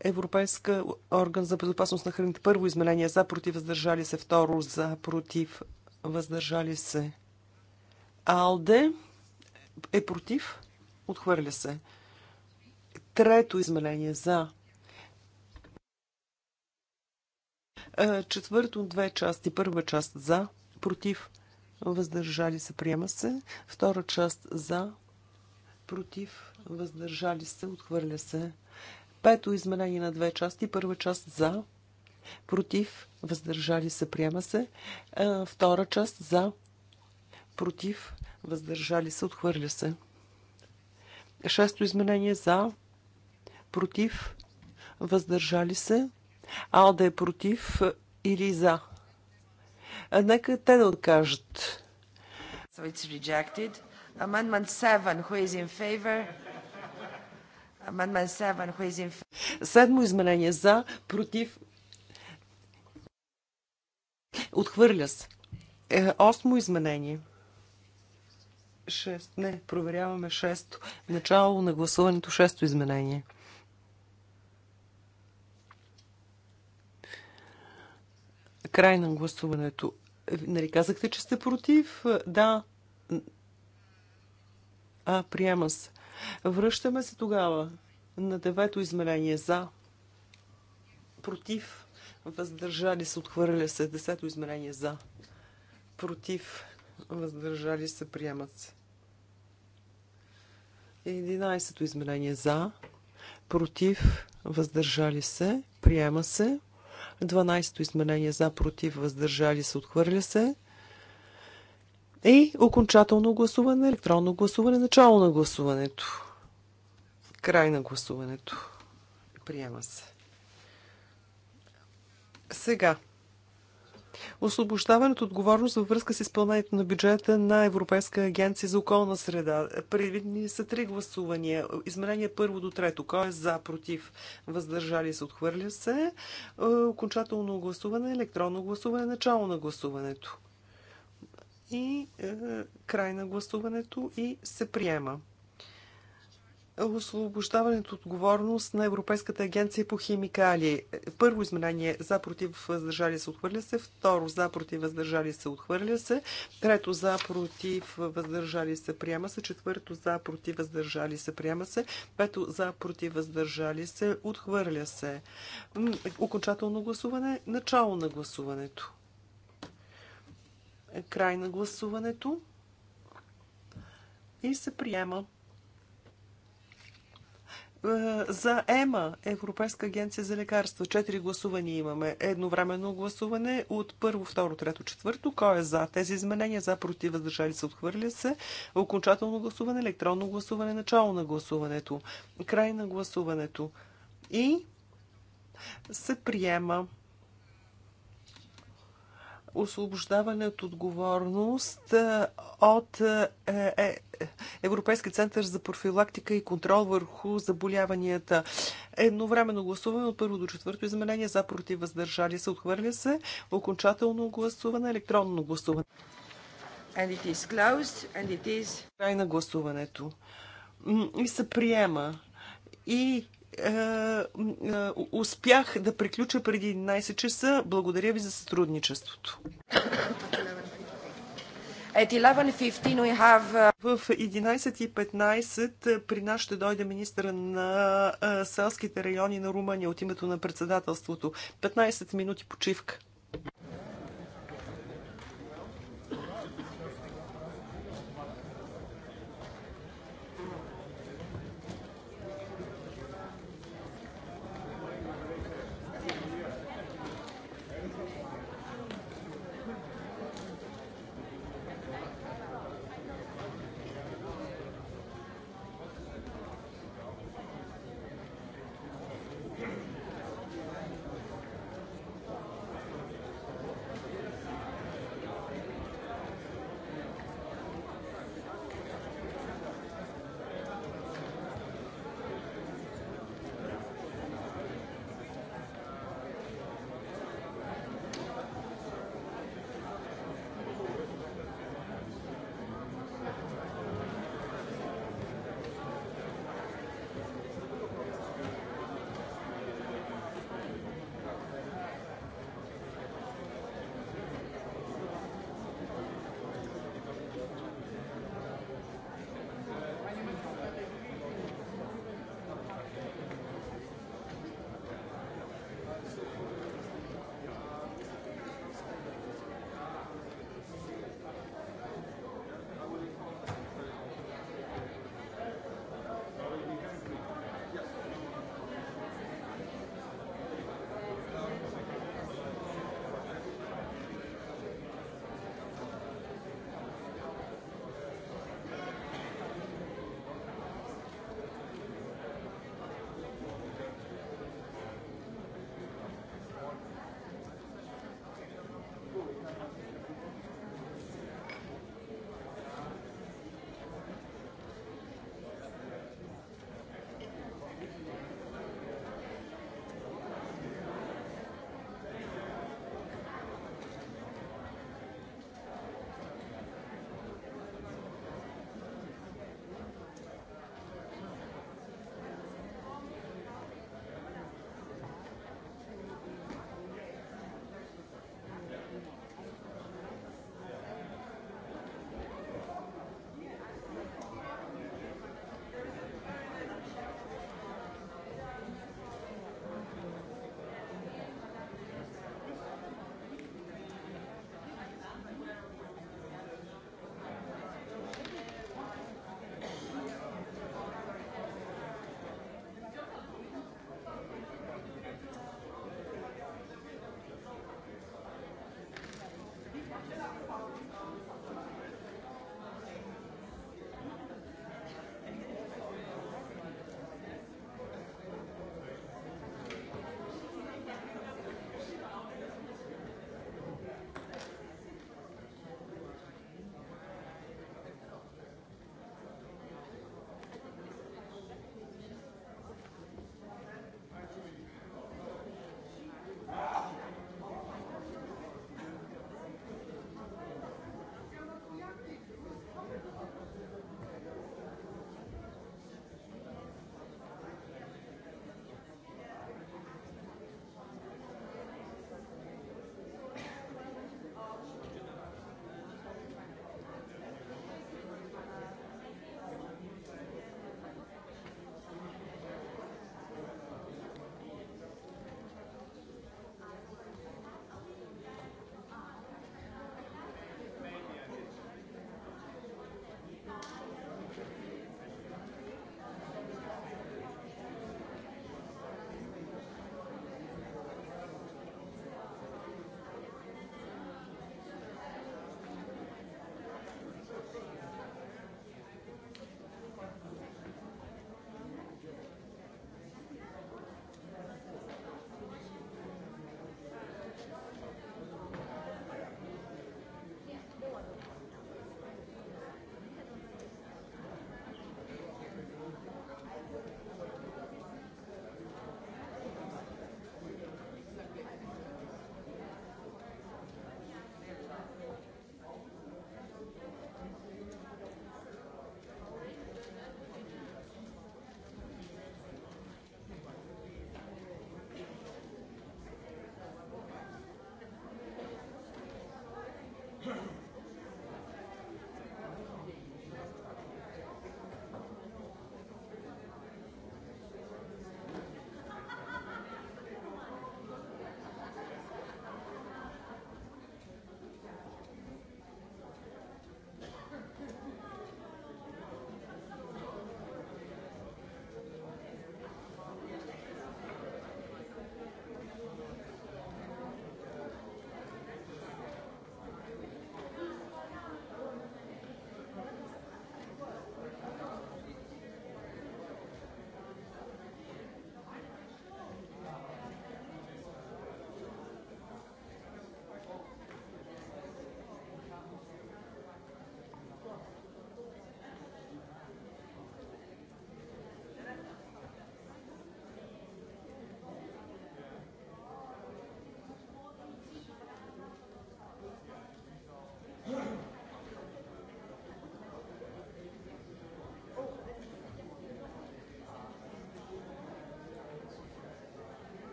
Европейска орган за безопасност на храните. Първо изменение за против въздържали се. Второ за против въздържали се. Алде е против. Отхвърля се. Трето изменение за Е, четвърто, две части. Първа част за, против, въздържали се, приема се. Втора част за, против, въздържали се, отхвърля се. Пето изменение на две части. Първа част за, против, въздържали се, приема се. Е, втора част за, против, въздържали се, отхвърля се. Шесто изменение за, против, въздържали се, Алда е против или за. А нека те да откажат. So it's rejected. Amendment 7, who is in favor? Amendment 7, who is in favor? Седмо изменение за, против. Отхвърля се. Е, осмо изменение. Шест. Не, проверяваме шесто. Начало на гласуването шесто изменение. Край на гласуването. Нали казахте, че сте против? Да. А, приема се. Връщаме се тогава на девето измерение за, против, въздържали се, отхвърля се, десето измерение за, против, въздържали се, приемат се. Единайсето измерение за, против, въздържали се, приема се. 12-то изменение за против въздържали се отхвърля се. И окончателно гласуване, електронно гласуване, начало на гласуването. Край на гласуването. Приема се. Сега Освобождаването от отговорност във връзка с изпълнението на бюджета на Европейска агенция за околна среда. Предвидени са три гласувания. Измерение първо до трето. Кой е за, против, въздържали се, отхвърля се. Е, окончателно гласуване, електронно гласуване, начало на гласуването. И е, край на гласуването и се приема освобождаването отговорност на Европейската агенция по химикали. Първо изменение за против въздържали се отхвърля се, второ за против въздържали се отхвърля се, трето за против въздържали се приема се, четвърто за против въздържали се приема се, пето за против въздържали се отхвърля се. Окончателно гласуване, начало на гласуването. Край на гласуването и се приема. Е, за ЕМА, Европейска агенция за лекарства. Четири гласувания имаме. Едновременно гласуване от първо, второ, трето, четвърто. Кой е за тези изменения? За, против, въздържали се, отхвърля се. Окончателно гласуване, електронно гласуване, начало на гласуването, край на гласуването. И се приема освобождаване от отговорност от е, е, Европейски център за профилактика и контрол върху заболяванията. Едновременно гласуване от първо до четвърто изменение за против въздържали се. Отхвърля се. Окончателно гласуване. Електронно гласуване. And it is closed, and it is... Край на гласуването. И се приема. И е, е, успях да приключа преди 11 часа. Благодаря ви за сътрудничеството. Uh, В 11.15 е, при нас ще дойде министра на селските райони на Румъния от името на председателството. 15 минути почивка.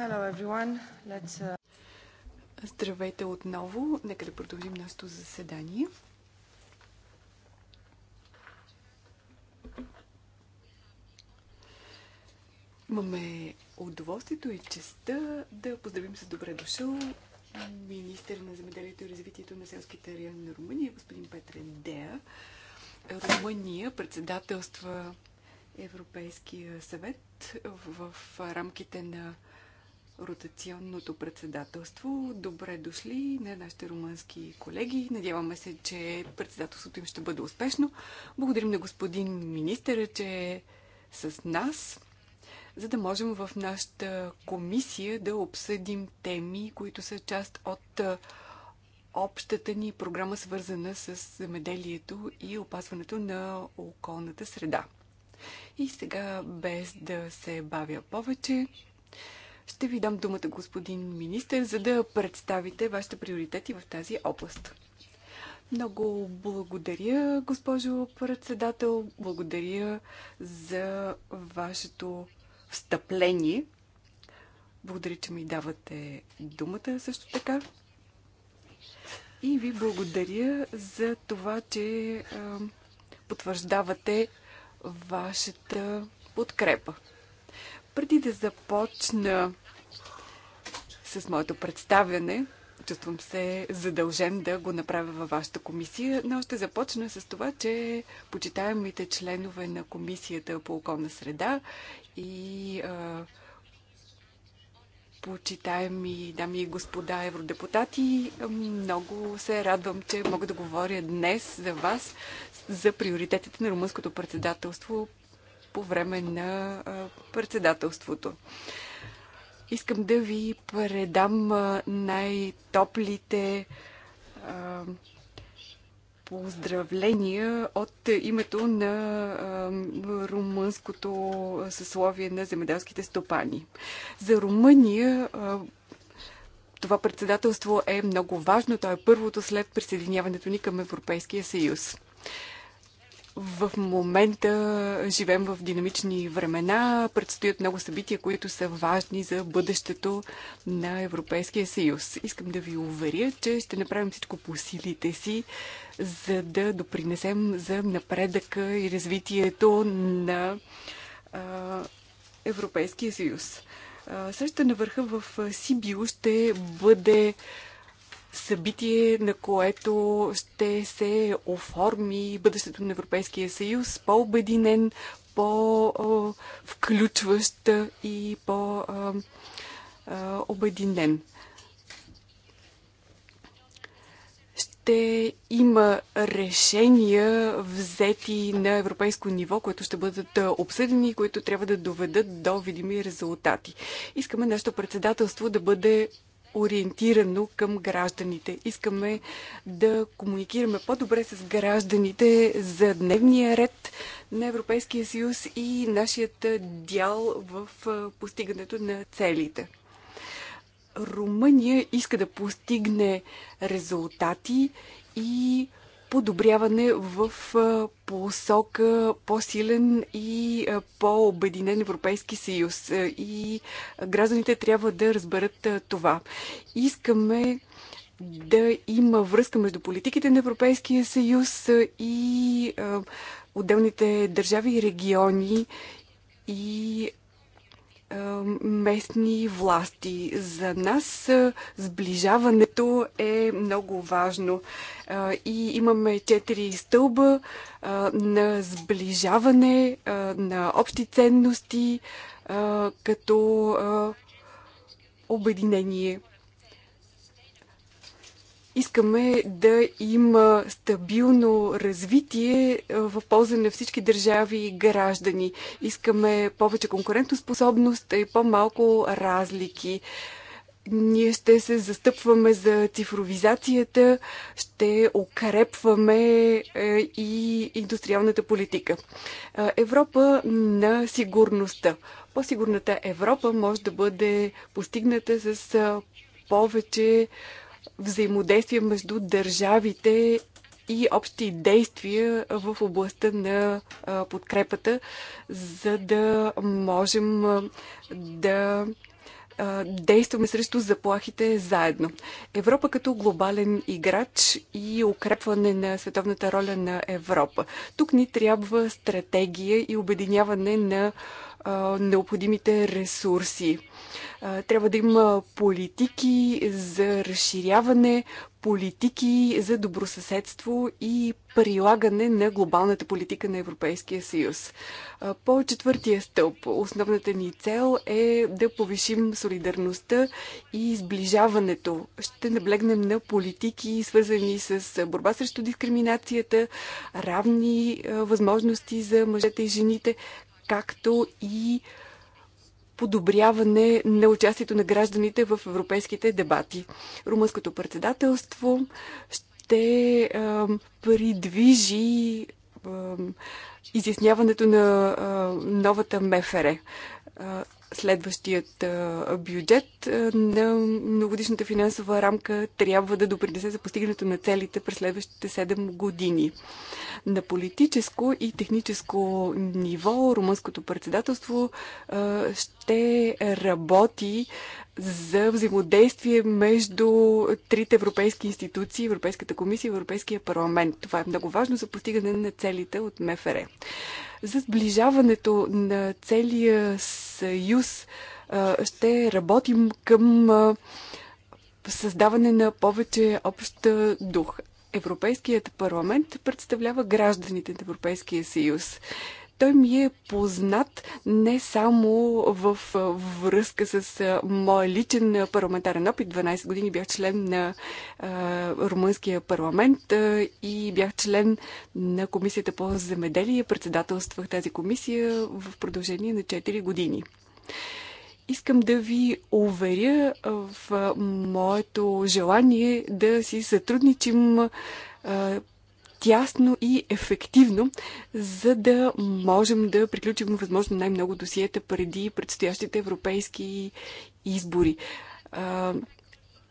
Hello everyone. Let's, uh, Здравейте отново. Нека да продължим нашето заседание. Имаме удоволствието и честа да поздравим с добре дошъл министър на земеделието и развитието на селските райони на Румъния, господин Петър Дея. Румъния председателства Европейския съвет в рамките на ротационното председателство. Добре дошли на нашите румънски колеги. Надяваме се, че председателството им ще бъде успешно. Благодарим на господин министъра, че е с нас, за да можем в нашата комисия да обсъдим теми, които са част от общата ни програма, свързана с земеделието и опазването на околната среда. И сега, без да се бавя повече, ще ви дам думата, господин министр, за да представите вашите приоритети в тази област. Много благодаря, госпожо председател. Благодаря за вашето встъпление. Благодаря, че ми давате думата също така. И ви благодаря за това, че а, потвърждавате вашата подкрепа. Преди да започна с моето представяне. Чувствам се задължен да го направя във вашата комисия, но ще започна с това, че почитаемите членове на комисията по околна среда и а, почитаеми дами и господа евродепутати, много се радвам, че мога да говоря днес за вас за приоритетите на румънското председателство по време на председателството. Искам да ви предам най-топлите поздравления от името на румънското съсловие на земеделските стопани. За Румъния това председателство е много важно. То е първото след присъединяването ни към Европейския съюз в момента живеем в динамични времена, предстоят много събития, които са важни за бъдещето на Европейския съюз. Искам да ви уверя, че ще направим всичко по силите си, за да допринесем за напредъка и развитието на а, Европейския съюз. Среща на върха в Сибио ще бъде а, събитие, на което ще се оформи бъдещето на Европейския съюз по-обединен, по-включващ и по-обединен. ще има решения взети на европейско ниво, които ще бъдат обсъдени и които трябва да доведат до видими резултати. Искаме нашето председателство да бъде ориентирано към гражданите. Искаме да комуникираме по-добре с гражданите за дневния ред на Европейския съюз и нашият дял в постигането на целите. Румъния иска да постигне резултати и подобряване в посока по-силен и по-обединен Европейски съюз. И гражданите трябва да разберат това. Искаме да има връзка между политиките на Европейския съюз и отделните държави и региони и е, местни власти. За нас е, сближаването е много важно. Е, и имаме четири стълба на сближаване, на общи ценности, като обединение искаме да има стабилно развитие в полза на всички държави и граждани. Искаме повече конкурентоспособност и по-малко разлики. Ние ще се застъпваме за цифровизацията, ще укрепваме е, и индустриалната политика. Европа на сигурността. По-сигурната Европа може да бъде постигната с повече взаимодействие между държавите и общи действия в областта на подкрепата, за да можем да действаме срещу заплахите заедно. Европа като глобален играч и укрепване на световната роля на Европа. Тук ни трябва стратегия и обединяване на необходимите ресурси трябва да има политики за разширяване, политики за добросъседство и прилагане на глобалната политика на Европейския съюз. По четвъртия стълб основната ни цел е да повишим солидарността и сближаването. Ще наблегнем на политики, свързани с борба срещу дискриминацията, равни възможности за мъжете и жените, както и подобряване на участието на гражданите в европейските дебати. Румънското председателство ще а, придвижи а, изясняването на а, новата МФР следващият бюджет на многодишната финансова рамка трябва да допринесе за постигането на целите през следващите 7 години. На политическо и техническо ниво румънското председателство ще работи за взаимодействие между трите европейски институции, Европейската комисия и Европейския парламент. Това е много важно за постигане на целите от МФР. За сближаването на целия съюз ще работим към създаване на повече общ дух. Европейският парламент представлява гражданите на Европейския съюз. Той ми е познат не само в връзка с моя личен парламентарен опит. 12 години бях член на Румънския парламент и бях член на Комисията по земеделие. Председателствах тази комисия в продължение на 4 години искам да ви уверя в моето желание да си сътрудничим тясно и ефективно, за да можем да приключим възможно най-много досиета преди предстоящите европейски избори.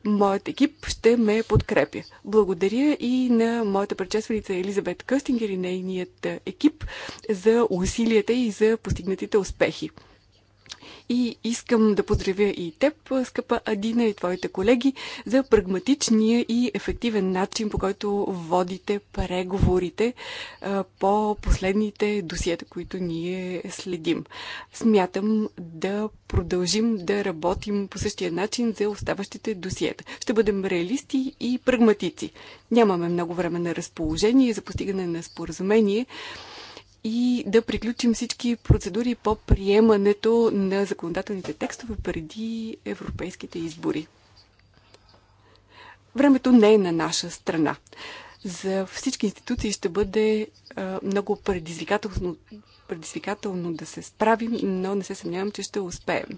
Моят екип ще ме подкрепя. Благодаря и на моята предшественица Елизабет Къстингер и нейният екип за усилията и за постигнатите успехи. И искам да поздравя и теб, скъпа Адина и твоите колеги, за прагматичния и ефективен начин, по който водите преговорите по последните досиета, които ние следим. Смятам да продължим да работим по същия начин за оставащите досиета. Ще бъдем реалисти и прагматици. Нямаме много време на разположение за постигане на споразумение, и да приключим всички процедури по приемането на законодателните текстове преди европейските избори. Времето не е на наша страна. За всички институции ще бъде а, много предизвикателно, предизвикателно да се справим, но не се съмнявам, че ще успеем.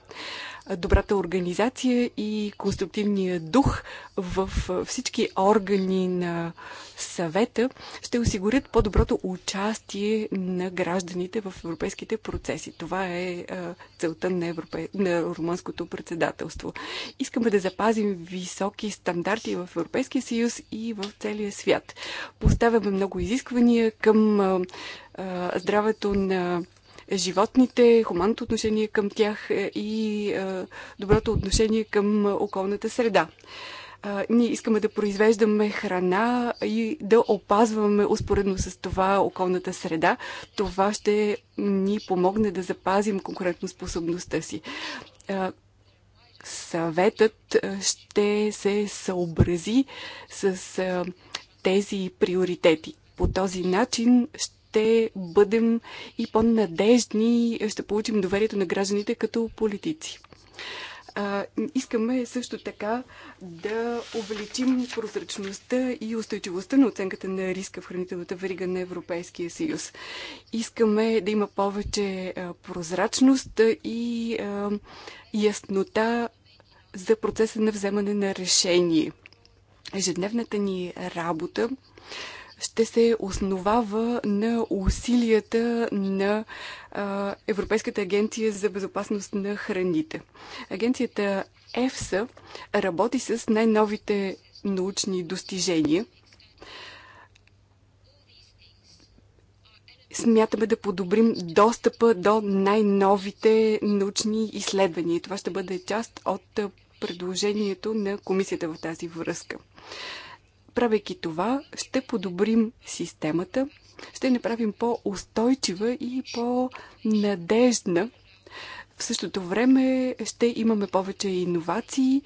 Добрата организация и конструктивния дух в всички органи на съвета ще осигурят по-доброто участие на гражданите в европейските процеси. Това е, е целта на, европе... на румънското председателство. Искаме да запазим високи стандарти в Европейския съюз и в целия свят. Поставяме много изисквания към е, здравето на животните, хуманното отношение към тях е, и доброто отношение към околната среда. Ние искаме да произвеждаме храна и да опазваме успоредно с това околната среда. Това ще ни помогне да запазим способността си съветът ще се съобрази с тези приоритети. По този начин ще ще бъдем и по-надежни, ще получим доверието на гражданите като политици. А, искаме също така да увеличим прозрачността и устойчивостта на оценката на риска в хранителната верига на Европейския съюз. Искаме да има повече а, прозрачност и а, яснота за процеса на вземане на решение. Ежедневната ни работа ще се основава на усилията на Европейската агенция за безопасност на храните. Агенцията ЕФСА работи с най-новите научни достижения. Смятаме да подобрим достъпа до най-новите научни изследвания. Това ще бъде част от предложението на комисията в тази връзка. Правейки това, ще подобрим системата, ще направим по-устойчива и по-надежна. В същото време ще имаме повече иновации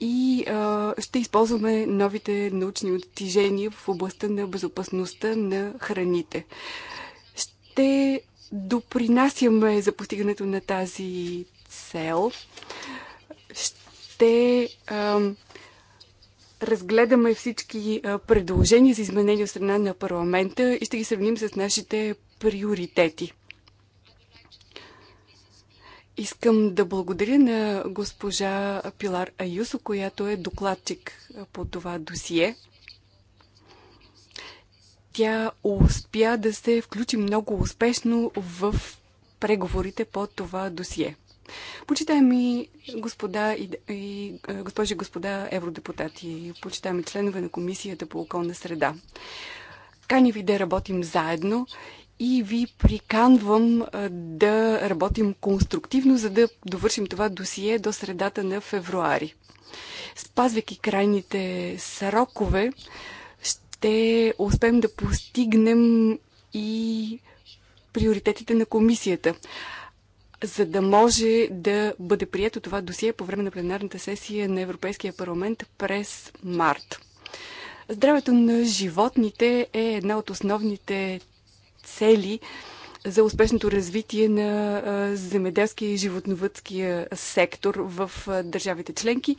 и а, ще използваме новите научни достижения в областта на безопасността на храните. Ще допринасяме за постигането на тази цел. Ще а, разгледаме всички предложения за изменения от страна на парламента и ще ги сравним с нашите приоритети. Искам да благодаря на госпожа Пилар Аюсо, която е докладчик по това досие. Тя успя да се включи много успешно в преговорите по това досие. Почитаеми господа и, и е, госпожи и господа евродепутати, почитаеми членове на Комисията по околна среда, кани ви да работим заедно и ви приканвам е, да работим конструктивно, за да довършим това досие до средата на февруари. Спазвайки крайните срокове, ще успеем да постигнем и приоритетите на комисията за да може да бъде прието това досие по време на пленарната сесия на Европейския парламент през март. Здравето на животните е една от основните цели за успешното развитие на земеделския и животновътския сектор в държавите членки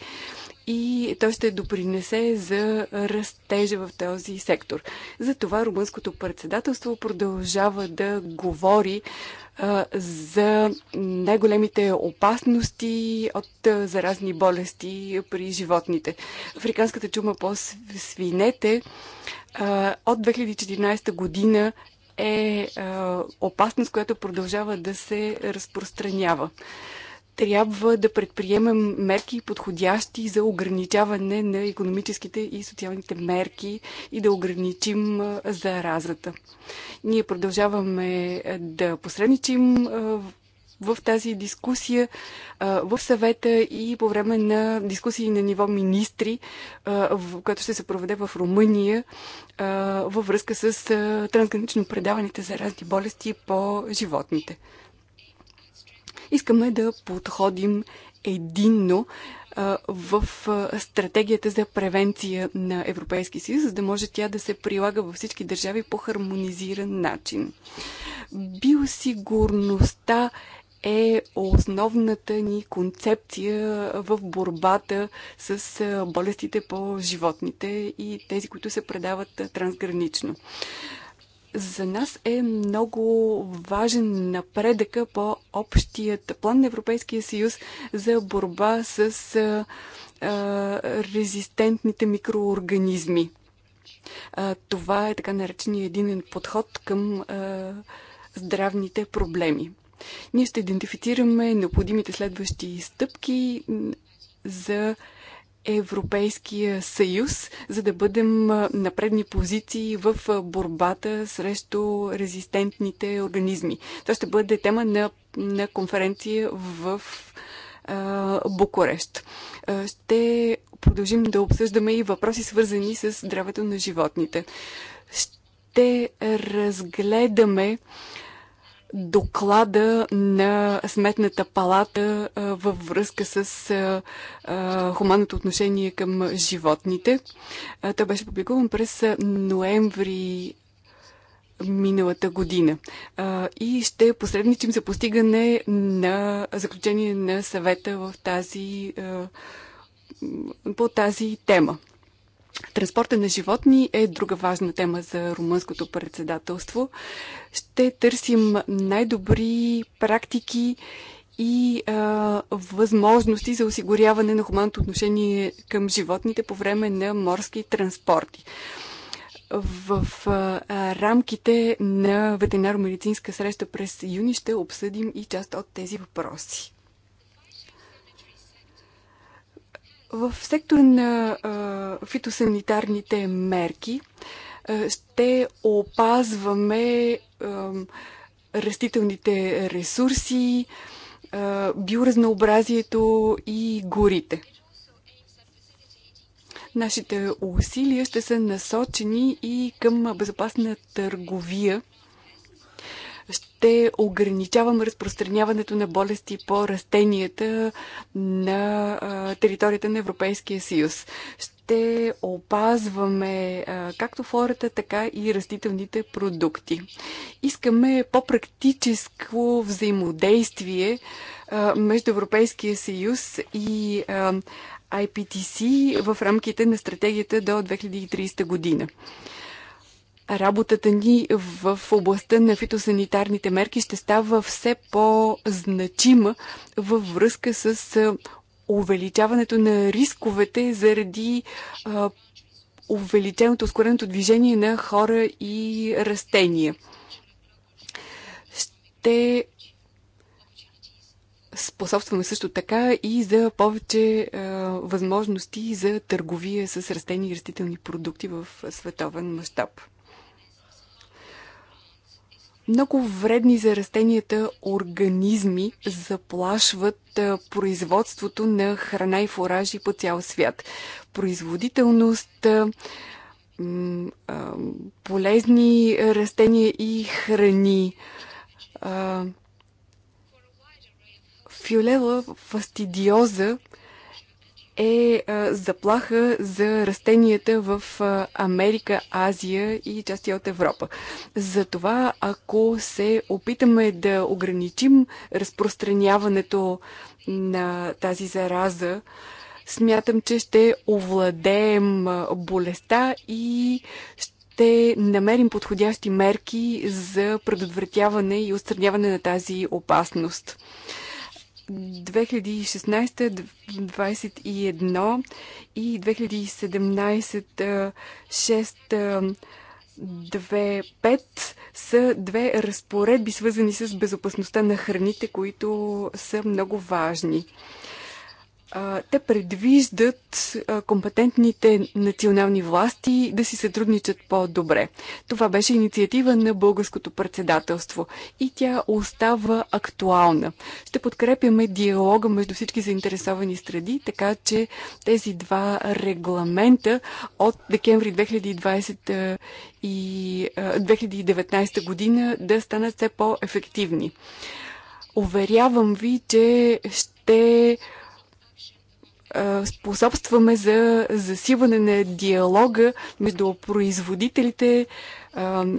и той ще допринесе за растежа в този сектор. Затова румънското председателство продължава да говори за най-големите опасности от заразни болести при животните. Африканската чума по свинете от 2014 година е опасност, която продължава да се разпространява трябва да предприемем мерки подходящи за ограничаване на економическите и социалните мерки и да ограничим заразата. Ние продължаваме да посредничим в тази дискусия в съвета и по време на дискусии на ниво министри, което ще се проведе в Румъния във връзка с трансгранично предаваните заразни болести по животните. Искаме да подходим единно в стратегията за превенция на Европейски съюз, за да може тя да се прилага във всички държави по хармонизиран начин. Биосигурността е основната ни концепция в борбата с болестите по животните и тези, които се предават трансгранично. За нас е много важен напредъка по общият план на Европейския съюз за борба с а, а, резистентните микроорганизми. А, това е така наречения единен подход към а, здравните проблеми. Ние ще идентифицираме необходимите следващи стъпки за Европейския съюз, за да бъдем на предни позиции в борбата срещу резистентните организми. Това ще бъде тема на, на конференция в а, Букурещ. А, ще продължим да обсъждаме и въпроси, свързани с здравето на животните. Ще разгледаме а, доклада на Сметната палата във връзка с хуманното отношение към животните. Той беше публикуван през ноември миналата година. И ще посредничим за постигане на заключение на съвета в тази, по тази тема. Транспорта на животни е друга важна тема за румънското председателство. Ще търсим най-добри практики и а, възможности за осигуряване на хуманното отношение към животните по време на морски транспорти. В а, рамките на ветеринарно-медицинска среща през юни ще обсъдим и част от тези въпроси. В сектора на а, фитосанитарните мерки а, ще опазваме а, растителните ресурси, а, биоразнообразието и горите. Нашите усилия ще са насочени и към безопасна търговия ще ограничаваме разпространяването на болести по растенията на територията на Европейския съюз. Ще опазваме както флората, така и растителните продукти. Искаме по-практическо взаимодействие между Европейския съюз и IPTC в рамките на стратегията до 2030 година работата ни в областта на фитосанитарните мерки ще става все по-значима във връзка с увеличаването на рисковете заради а, увеличеното ускореното движение на хора и растения. Ще способстваме също така и за повече а, възможности за търговия с растения и растителни продукти в световен мащаб. Много вредни за растенията организми заплашват производството на храна и фуражи по цял свят. Производителност, полезни растения и храни. Фиолела фастидиоза е, е заплаха за растенията в е, Америка, Азия и части от Европа. Затова, ако се опитаме да ограничим разпространяването на тази зараза, смятам, че ще овладеем е, болестта и ще намерим подходящи мерки за предотвратяване и отстраняване на тази опасност. 2016-21 и 2017-625 са две разпоредби, свързани с безопасността на храните, които са много важни те предвиждат компетентните национални власти да си сътрудничат по-добре. Това беше инициатива на българското председателство и тя остава актуална. Ще подкрепяме диалога между всички заинтересовани страни, така че тези два регламента от декември 2020 и 2019 година да станат все по-ефективни. Уверявам ви, че ще способстваме за засиване на диалога между производителите,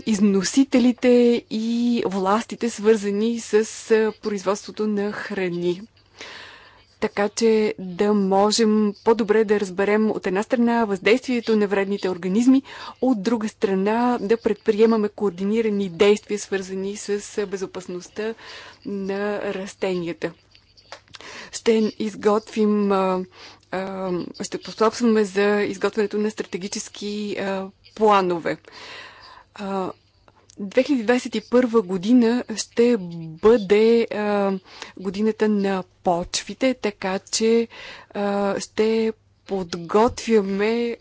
износителите и властите, свързани с производството на храни. Така че да можем по-добре да разберем от една страна въздействието на вредните организми, от друга страна да предприемаме координирани действия, свързани с безопасността на растенията ще изготвим, ще пособстваме за изготвянето на стратегически планове. 2021 година ще бъде годината на почвите, така че ще подготвяме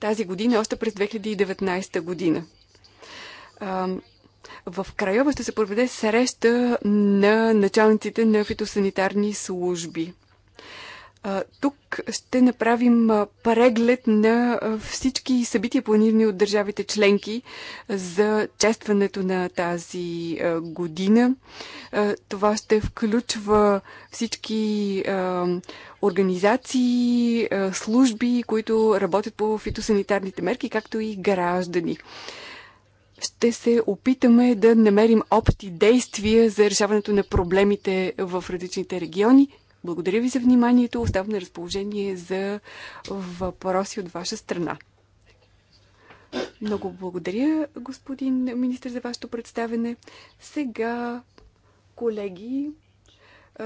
тази година още през 2019 година. В Крайова ще се проведе среща на началниците на фитосанитарни служби. Тук ще направим преглед на всички събития, планирани от държавите членки за честването на тази година. Това ще включва всички организации, служби, които работят по фитосанитарните мерки, както и граждани ще се опитаме да намерим общи действия за решаването на проблемите в различните региони. Благодаря ви за вниманието. Оставам на разположение за въпроси от ваша страна. Много благодаря, господин министр, за вашето представене. Сега, колеги,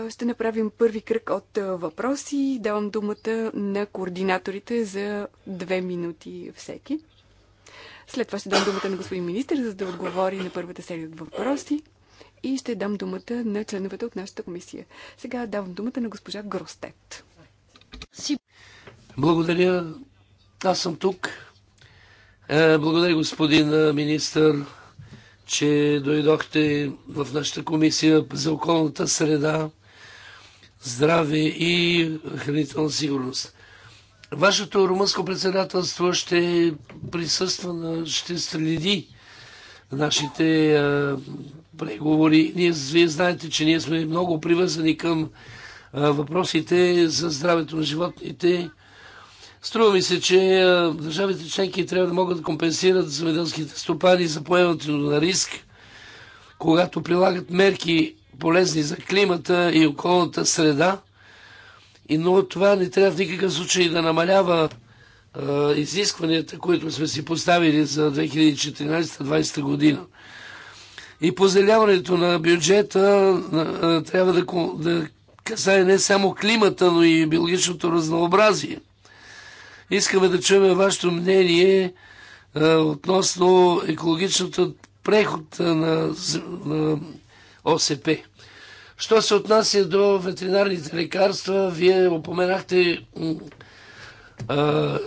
ще направим първи кръг от въпроси. Давам думата на координаторите за две минути всеки. След това ще дам думата на господин министр, за да отговори на първата серия от въпроси и ще дам думата на членовете от нашата комисия. Сега давам думата на госпожа Гростет. Благодаря. Аз съм тук. Е, благодаря, господин е, министр, че дойдохте в нашата комисия за околната среда, здраве и хранителна сигурност. Вашето румънско председателство ще присъства, на, ще следи нашите а, преговори. Ние, вие знаете, че ние сме много привързани към а, въпросите за здравето на животните. Струва ми се, че а, държавите членки трябва да могат да компенсират земеделските стопани за поемането на риск, когато прилагат мерки полезни за климата и околната среда и, но това не трябва в никакъв случай да намалява а, изискванията, които сме си поставили за 2014-2020 година. И позеляването на бюджета а, трябва да, да касае не само климата, но и биологичното разнообразие. Искаме да чуем вашето мнение а, относно екологичното преход на, на ОСП. Що се отнася до ветеринарните лекарства, вие упоменахте а,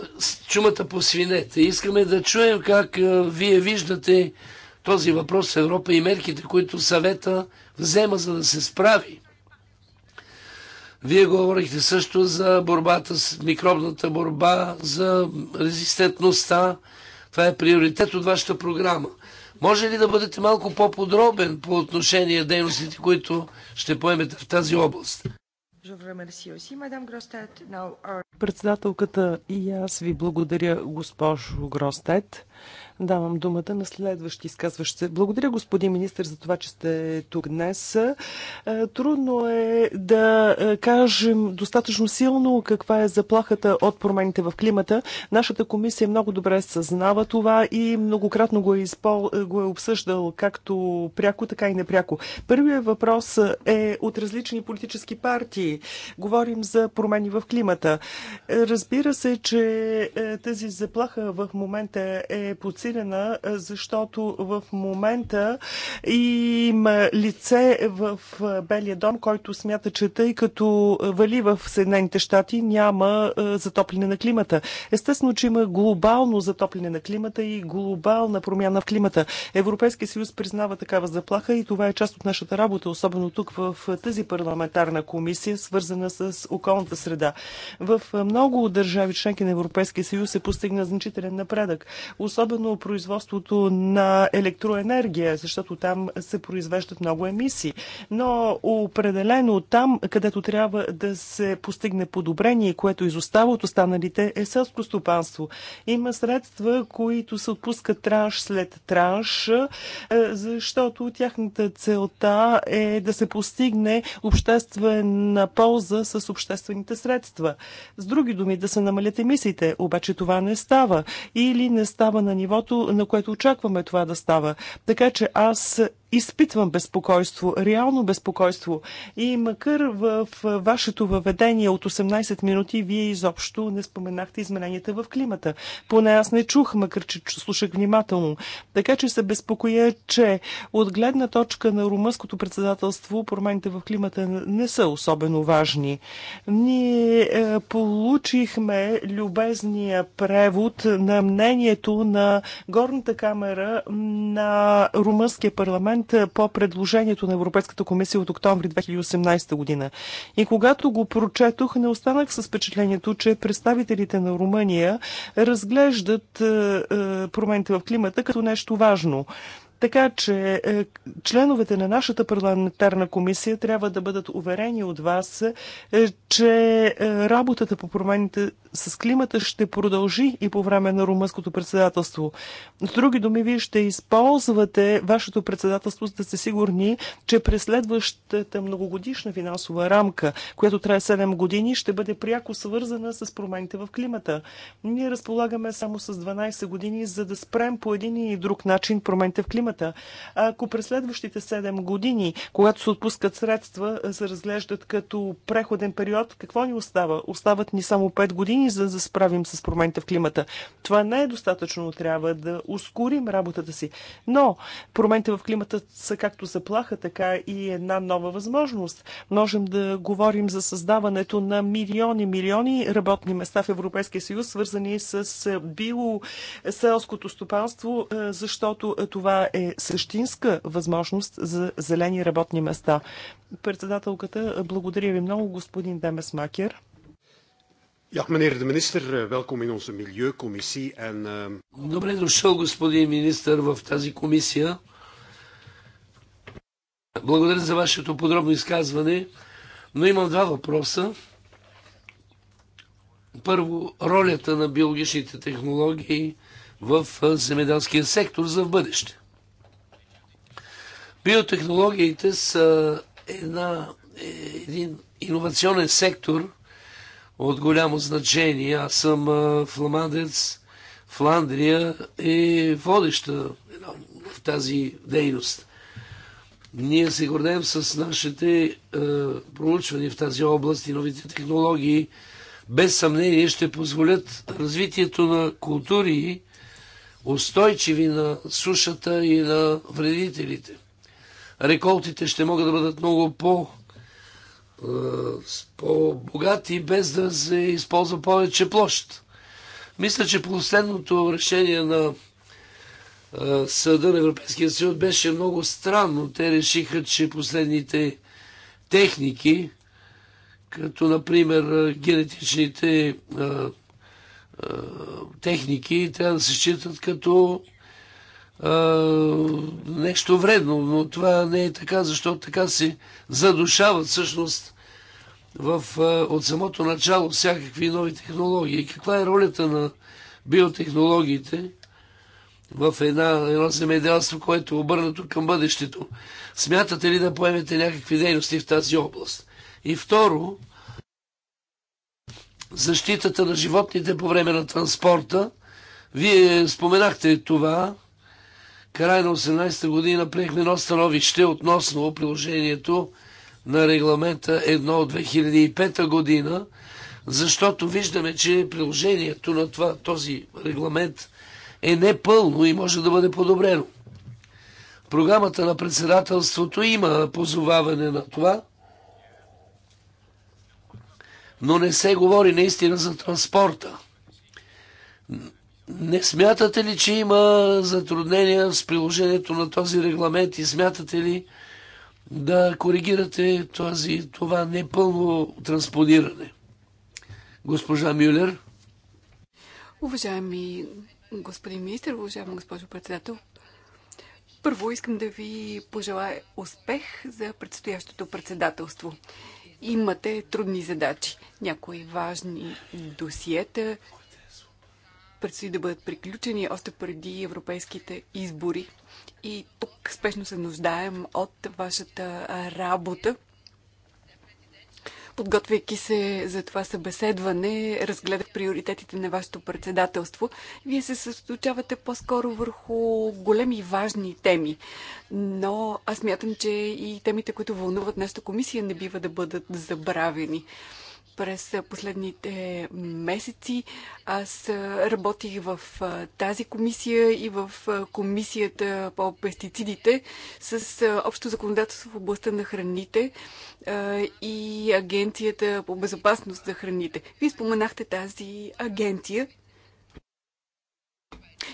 чумата по свинете. Искаме да чуем как а, вие виждате този въпрос в Европа и мерките, които съвета взема за да се справи. Вие говорихте също за борбата с микробната борба, за резистентността. Това е приоритет от вашата програма. Може ли да бъдете малко по-подробен по отношение дейностите, които ще поемете в тази област? Председателката и аз ви благодаря, госпожо Гростет. Давам думата на следващи изказващи. се. Благодаря, господин министр, за това, че сте тук днес. Е, трудно е да е, кажем достатъчно силно каква е заплахата от промените в климата. Нашата комисия много добре съзнава това и многократно го е, изпол... Е, го е обсъждал както пряко, така и непряко. Първият въпрос е от различни политически партии. Говорим за промени в климата. Разбира се, че тази заплаха в момента е подсилена финансирана, защото в момента има лице в Белия дом, който смята, че тъй като вали в Съединените щати, няма затопляне на климата. Естествено, че има глобално затопляне на климата и глобална промяна в климата. Европейския съюз признава такава заплаха и това е част от нашата работа, особено тук в тази парламентарна комисия, свързана с околната среда. В много държави, членки на Европейския съюз, се постигна значителен напредък, особено производството на електроенергия, защото там се произвеждат много емисии. Но определено там, където трябва да се постигне подобрение, което изостава от останалите, е селско стопанство. Има средства, които се отпускат транш след транш, е, защото тяхната целта е да се постигне обществена полза с обществените средства. С други думи, да се намалят емисиите, обаче това не става. Или не става на нивото, нивото, на което очакваме това да става. Така че аз изпитвам безпокойство, реално безпокойство. И макар в вашето въведение от 18 минути, вие изобщо не споменахте измененията в климата. Поне аз не чух, макар че слушах внимателно. Така че се безпокоя, че от гледна точка на румънското председателство промените в климата не са особено важни. Ние е, получихме любезния превод на мнението на Горната камера на Румънския парламент парламент по предложението на Европейската комисия от октомври 2018 година. И когато го прочетох, не останах с впечатлението, че представителите на Румъния разглеждат промените в климата като нещо важно. Така че е, членовете на нашата парламентарна комисия трябва да бъдат уверени от вас, е, че е, работата по промените с климата ще продължи и по време на румънското председателство. С други думи, вие ще използвате вашето председателство, за да сте сигурни, че през следващата многогодишна финансова рамка, която трае 7 години, ще бъде пряко свързана с промените в климата. Ние разполагаме само с 12 години, за да спрем по един и друг начин промените в климата. Ако през следващите 7 години, когато се отпускат средства, се разглеждат като преходен период, какво ни остава? Остават ни само 5 години години, за да справим с промените в климата. Това не е достатъчно. Трябва да ускорим работата си. Но промените в климата са както заплаха, така и една нова възможност. Можем да говорим за създаването на милиони, милиони работни места в Европейския съюз, свързани с биоселското стопанство, е, защото това е същинска възможност за зелени работни места. Председателката, благодаря ви много, господин Демес Макер. Ja, meneer de minister, eh, welkom in onze Milieucommissie. En, uh... Добре дошъл, господин министър в тази комисия. Благодаря за вашето подробно изказване, но имам два въпроса. Първо, ролята на биологичните технологии в е, земеделския сектор за в бъдеще. Биотехнологиите са една, е, един иновационен сектор, от голямо значение. Аз съм фламандец. Фландрия е водеща в тази дейност. Ние се гордеем с нашите проучвания в тази област и новите технологии. Без съмнение ще позволят развитието на култури, устойчиви на сушата и на вредителите. Реколтите ще могат да бъдат много по- е, по-богати, без да се използва повече площ. Мисля, че последното решение на е, Съда на Европейския съюз беше много странно. Те решиха, че последните техники, като например генетичните е, техники, трябва да се считат като нещо вредно, но това не е така, защото така се задушават всъщност в, а, от самото начало всякакви нови технологии. Каква е ролята на биотехнологиите в една, едно земеделство, което е обърнато към бъдещето? Смятате ли да поемете някакви дейности в тази област? И второ, защитата на животните по време на транспорта. Вие споменахте това, края на 18-та година приехме едно становище относно приложението на регламента 1 от 2005 година, защото виждаме, че приложението на това, този регламент е непълно и може да бъде подобрено. Програмата на председателството има позоваване на това, но не се говори наистина за транспорта. Не смятате ли, че има затруднения с приложението на този регламент и смятате ли да коригирате този, това непълно транспониране? Госпожа Мюлер. Уважаеми господин министр, уважаема госпожо председател, първо искам да ви пожелая успех за предстоящото председателство. Имате трудни задачи, някои важни досиета предстои да бъдат приключени още преди европейските избори. И тук спешно се нуждаем от вашата работа. Подготвяйки се за това събеседване, разгледах приоритетите на вашето председателство. Вие се състочавате по-скоро върху големи важни теми, но аз мятам, че и темите, които вълнуват нашата комисия, не бива да бъдат забравени. През последните месеци аз работих в тази комисия и в комисията по пестицидите с общо законодателство в областта на храните и агенцията по безопасност за храните. Вие споменахте тази агенция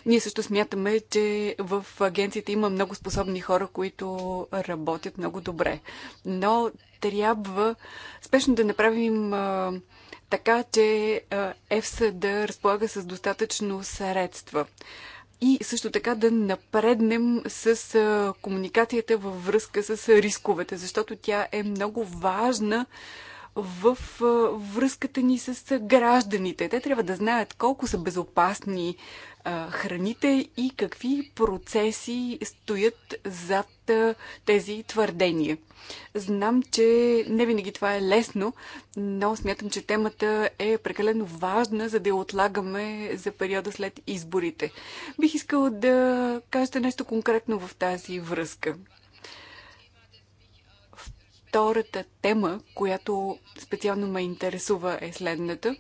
ние също смятаме, че в агенцията има много способни хора, които работят много добре. Но трябва спешно да направим а, така, че ЕФСА да разполага с достатъчно средства. И също така да напреднем с а, комуникацията във връзка с рисковете, защото тя е много важна в връзката ни с гражданите. Те трябва да знаят колко са безопасни храните и какви процеси стоят зад тези твърдения. Знам, че не винаги това е лесно, но смятам, че темата е прекалено важна, за да я отлагаме за периода след изборите. Бих искала да кажете нещо конкретно в тази връзка втората тема, която специално ме интересува е следната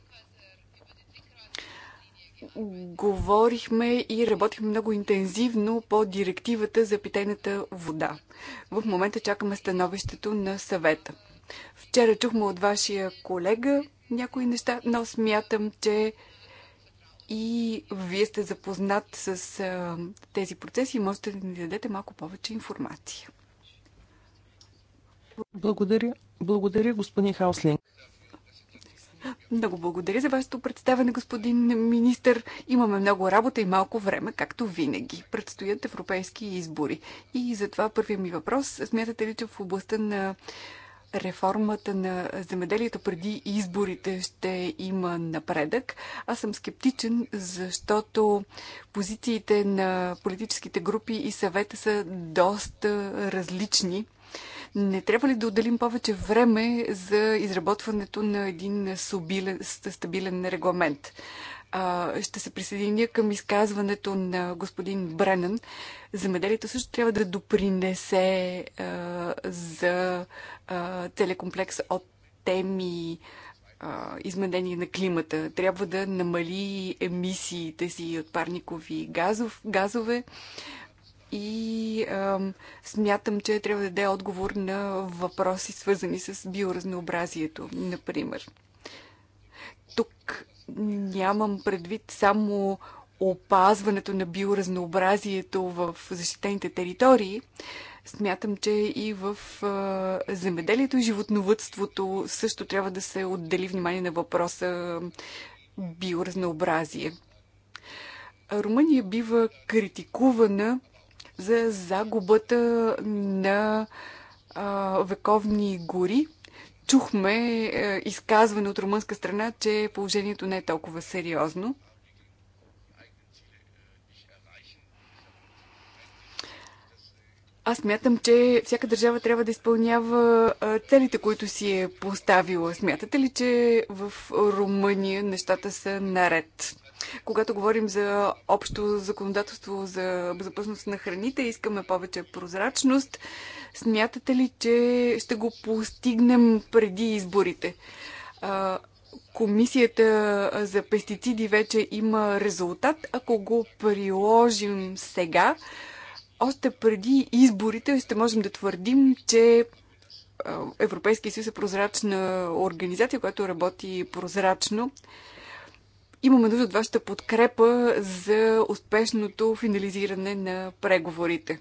говорихме и работихме много интензивно по директивата за питейната вода. В момента чакаме становището на съвета. Вчера чухме от вашия колега някои неща, но смятам, че и вие сте запознат с а, тези процеси и можете да ни дадете малко повече информация. Благодаря. Благодаря, господин Хауслинг. Много благодаря за вашето представене, господин министр. Имаме много работа и малко време, както винаги. Предстоят европейски избори. И затова първият ми въпрос. Смятате ли, че в областта на реформата на земеделието преди изборите ще има напредък. Аз съм скептичен, защото позициите на политическите групи и съвета са доста различни. Не трябва ли да отделим повече време за изработването на един субилен, стабилен регламент? ще се присъединя към изказването на господин Бренън. Замеделието също трябва да допринесе за телекомплекс от теми изменение на климата. Трябва да намали емисиите си от парникови газов, газове, и а, смятам, че трябва да даде отговор на въпроси, свързани с биоразнообразието, например. Тук нямам предвид само опазването на биоразнообразието в защитените територии. Смятам, че и в а, земеделието и животновътството също трябва да се отдели внимание на въпроса биоразнообразие. Румъния бива критикувана за загубата на а, вековни гори. Чухме а, е, изказване от румънска страна, че положението не е толкова сериозно. Аз мятам, че всяка държава трябва да изпълнява целите, които си е поставила. Смятате ли, че в Румъния нещата са наред? Когато говорим за общо законодателство за безопасност на храните, искаме повече прозрачност. Смятате ли, че ще го постигнем преди изборите? Комисията за пестициди вече има резултат. Ако го приложим сега, още преди изборите ще можем да твърдим, че Европейския съюз е прозрачна организация, която работи прозрачно. Имаме нужда от вашата подкрепа за успешното финализиране на преговорите.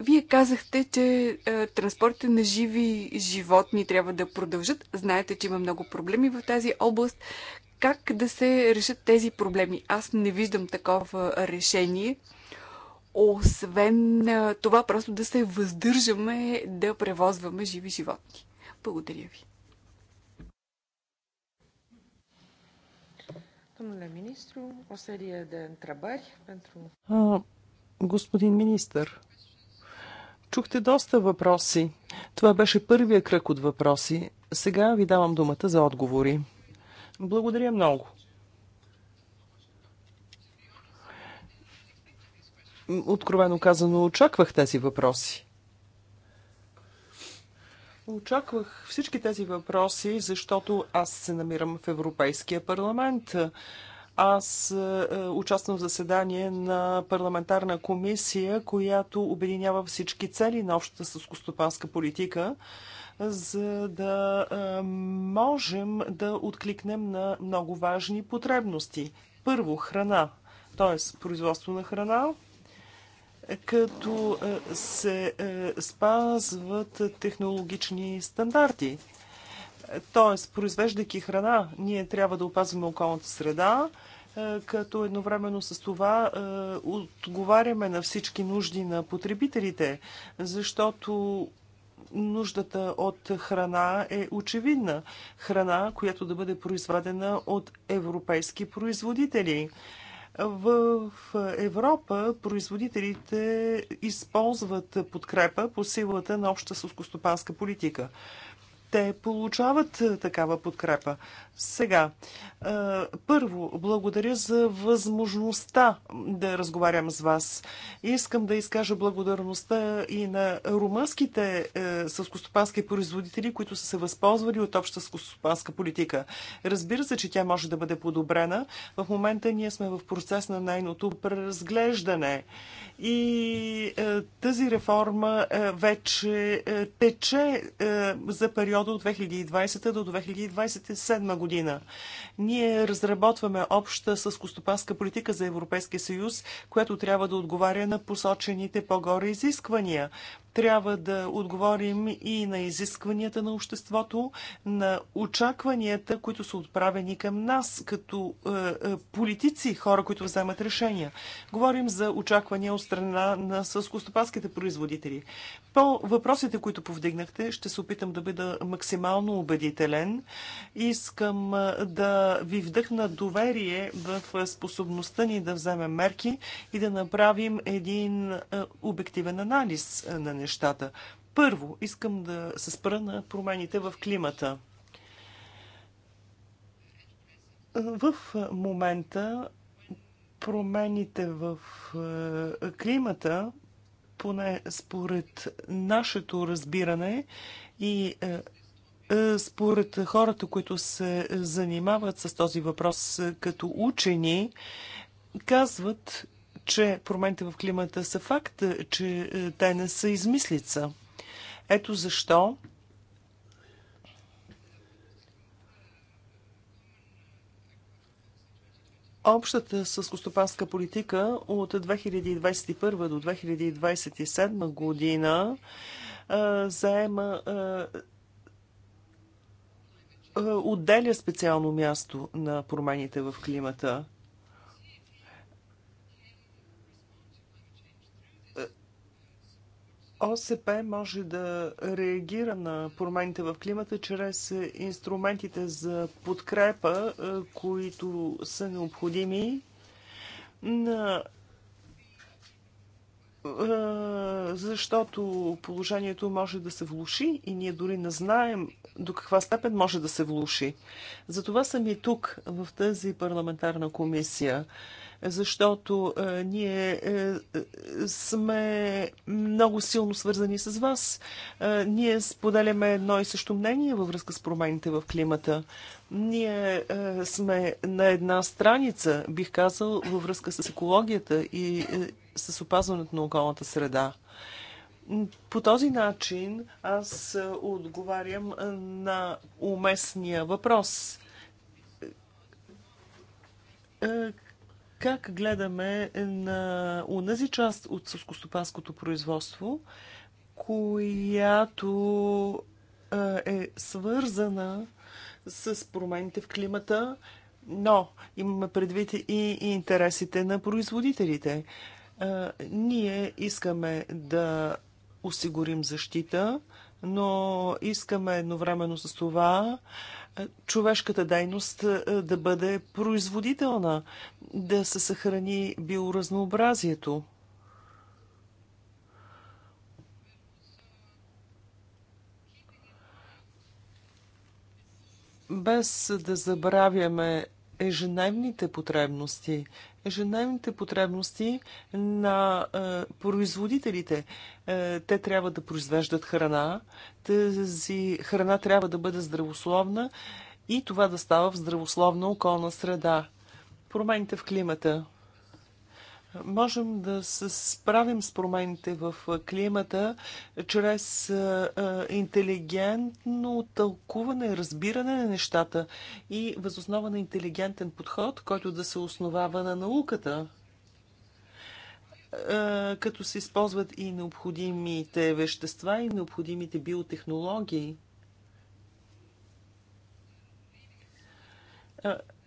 Вие казахте, че е, транспортите на живи животни трябва да продължат. Знаете, че има много проблеми в тази област. Как да се решат тези проблеми? Аз не виждам такова решение. Освен е, това, просто да се въздържаме да превозваме живи животни. Благодаря ви. Domnule ministru, o serie de întrebări pentru... А, господин министър, чухте доста въпроси. Това беше първия кръг от въпроси. Сега ви давам думата за отговори. Благодаря много. Откровено казано, очаквах тези въпроси. Очаквах всички тези въпроси, защото аз се намирам в Европейския парламент. Аз е, е, участвам в заседание на парламентарна комисия, която обединява всички цели на общата съскостопанска политика, за да е, можем да откликнем на много важни потребности. Първо, храна, т.е. производство на храна, като е, се е, спазват технологични стандарти. Тоест, произвеждайки храна, ние трябва да опазваме околната среда, е, като едновременно с това отговаряме на всички нужди на потребителите, защото нуждата от храна е очевидна. Храна, която да бъде произведена от европейски производители. В Европа производителите използват подкрепа по силата на обща сълскостопанска политика те получават е, такава подкрепа. Сега, е, първо, благодаря за възможността да разговарям с вас. Искам да изкажа благодарността и на румънските е, съскостопански производители, които са се възползвали от обща съскостопанска политика. Разбира се, че тя може да бъде подобрена. В момента ние сме в процес на нейното преразглеждане. И тази реформа вече тече за период периода от 2020 до 2027 година. Ние разработваме обща съскостопанска политика за Европейския съюз, която трябва да отговаря на посочените по-горе изисквания. Трябва да отговорим и на изискванията на обществото, на очакванията, които са отправени към нас, като е, е, политици, хора, които вземат решения. Говорим за очаквания от страна на сълскостопанските производители. По въпросите, които повдигнахте, ще се опитам да бъда максимално убедителен. Искам е, да ви вдъхна доверие в способността ни да вземем мерки и да направим един е, обективен анализ на нещата. Първо, искам да се спра на промените в климата. В момента промените в е, климата, поне според нашето разбиране и е, е, според хората, които се занимават с този въпрос като учени, казват, че промените в климата са факт, че е, те не са измислица. Ето защо Общата съскостопанска политика от 2021 до 2027 година а, е, заема а, е, отделя специално място на промените в климата. ОСП може да реагира на промените в климата чрез инструментите за подкрепа, е, които са необходими. Е, защото положението може да се влуши и ние дори не знаем до каква степен може да се влуши. Затова съм и тук, в тази парламентарна комисия, защото е, ние е, сме много силно свързани с вас. Ние споделяме едно и също мнение във връзка с промените в климата. Ние сме на една страница, бих казал, във връзка с екологията и с опазването на околната среда. По този начин аз отговарям на уместния въпрос. Е, как гледаме на унази част от сълскостопанското производство, която е, е свързана с промените в климата, но имаме предвид и интересите на производителите. Ние искаме да осигурим защита, но искаме едновременно с това човешката дейност да бъде производителна, да се съхрани биоразнообразието. без да забравяме ежедневните потребности, ежедневните потребности на е, производителите. Е, те трябва да произвеждат храна, тази храна трябва да бъде здравословна и това да става в здравословна околна среда. Промените в климата можем да се справим с промените в климата чрез интелигентно тълкуване, разбиране на нещата и възоснова на интелигентен подход, който да се основава на науката като се използват и необходимите вещества и необходимите биотехнологии.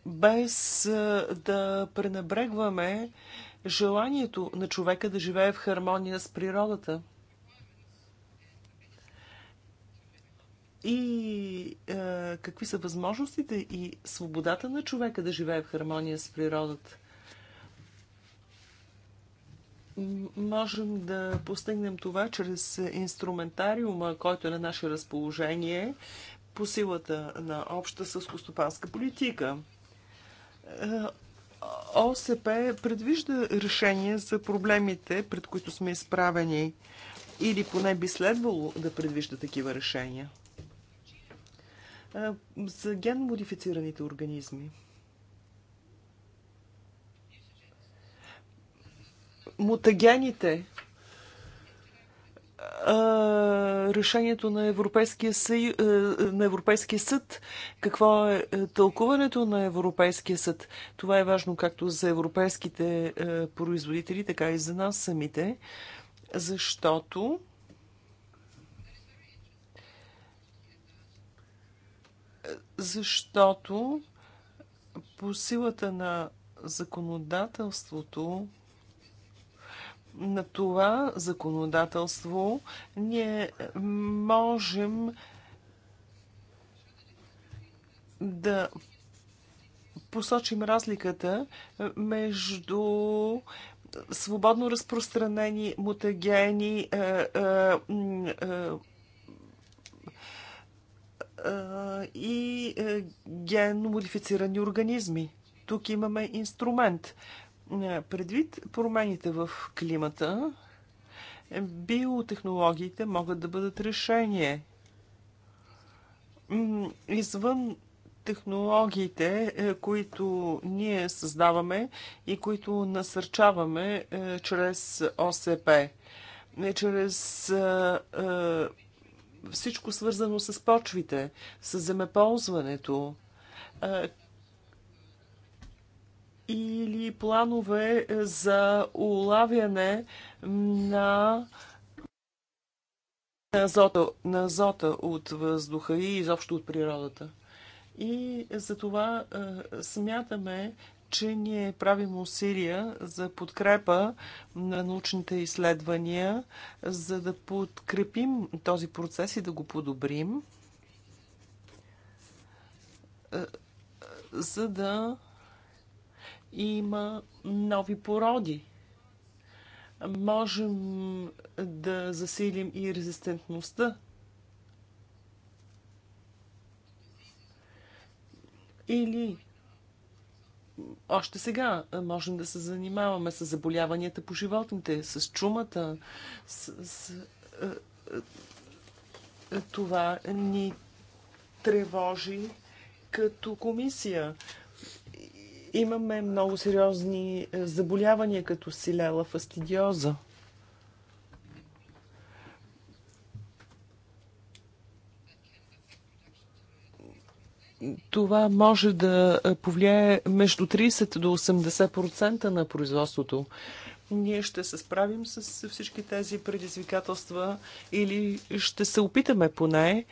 Без да пренебрегваме желанието на човека да живее в хармония с природата. И е, какви са възможностите и свободата на човека да живее в хармония с природата? можем да постигнем това чрез инструментариума, който е на наше разположение по силата на обща съскостопанска политика. Е, ОСП предвижда решение за проблемите, пред които сме изправени, или поне би следвало да предвижда такива решения е, за генмодифицираните организми. Мутагените, решението на Европейския, съю, на Европейския съд, какво е, е тълкуването на Европейския съд. Това е важно както за европейските е, производители, така и за нас самите, защото защото по силата на законодателството на това законодателство ние можем да посочим разликата между свободно разпространени мутагени е, е, е, и генно модифицирани организми. Тук имаме инструмент. Е, предвид промените в климата, биотехнологиите могат да бъдат решение. Извън технологиите, е, които ние създаваме и които насърчаваме е, чрез ОСП, чрез всичко свързано с почвите, с земеползването, или планове е, за улавяне на на азота, на азота от въздуха и изобщо от природата. И за това е, смятаме, че ние правим усилия за подкрепа на научните изследвания, за да подкрепим този процес и да го подобрим, е, за да има нови породи. Можем да засилим и резистентността. Или още сега можем да се занимаваме с заболяванията по животните, с чумата, с, с е, е, това ни тревожи като комисия. Имаме много сериозни е, заболявания, като силела фастидиоза. това може да е, повлияе между 30 до 80% на производството. Ние ще се справим с всички тези предизвикателства или ще се опитаме поне.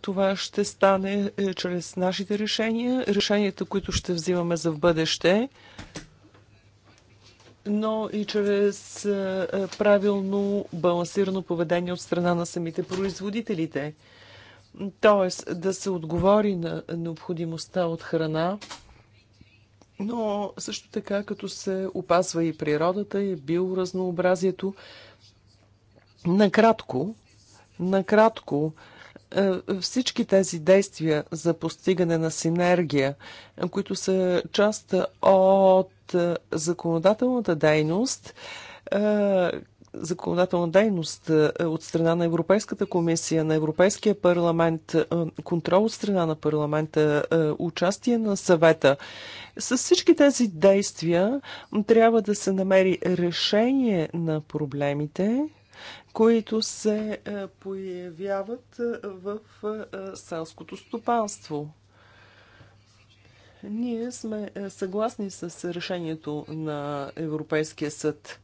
Това ще стане е, чрез нашите решения, решенията, които ще взимаме за в бъдеще, но и чрез е, е, правилно балансирано поведение от страна на самите производителите. Тоест да се отговори на необходимостта от храна, но също така като се опазва и природата, и биоразнообразието. Накратко, накратко, е, всички тези действия за постигане на синергия, е, които са част от е, законодателната дейност, законодателна дейност от страна на Европейската комисия, на Европейския парламент, контрол от страна на парламента, участие на съвета. С всички тези действия трябва да се намери решение на проблемите, които се е, появяват е, в е, селското стопанство. Ние сме съгласни с решението на Европейския съд.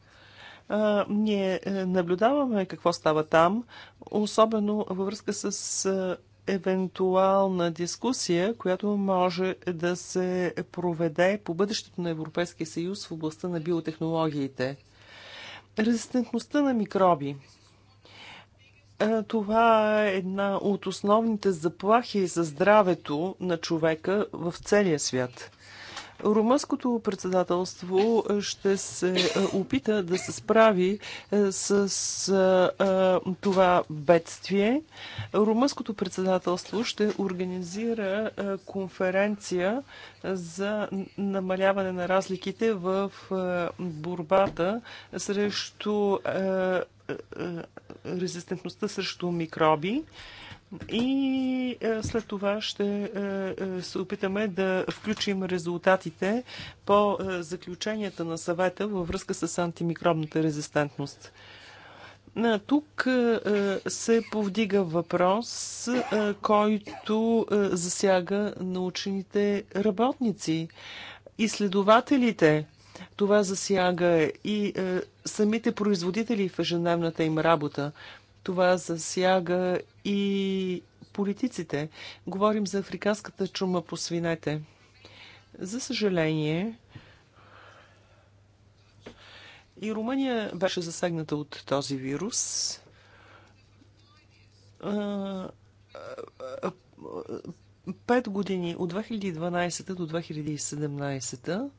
Ние наблюдаваме какво става там, особено във връзка с евентуална дискусия, която може да се проведе по бъдещето на Европейския съюз в областта на биотехнологиите. Резистентността на микроби. Това е една от основните заплахи за здравето на човека в целия свят. Румънското председателство ще се е, опита да се справи е, с е, това бедствие. Румънското председателство ще организира конференция за намаляване на разликите в борбата срещу резистентността срещу микроби. И е, след това ще е, е, се опитаме да включим резултатите по заключенията на съвета във връзка с антимикробната резистентност. Тук се повдига въпрос, който засяга научените работници, изследователите. Това засяга и самите производители в ежедневната им работа. Това засяга и политиците. Говорим за африканската чума по свинете. За съжаление, и Румъния беше засегната от този вирус. Пет години, от 2012 до 2017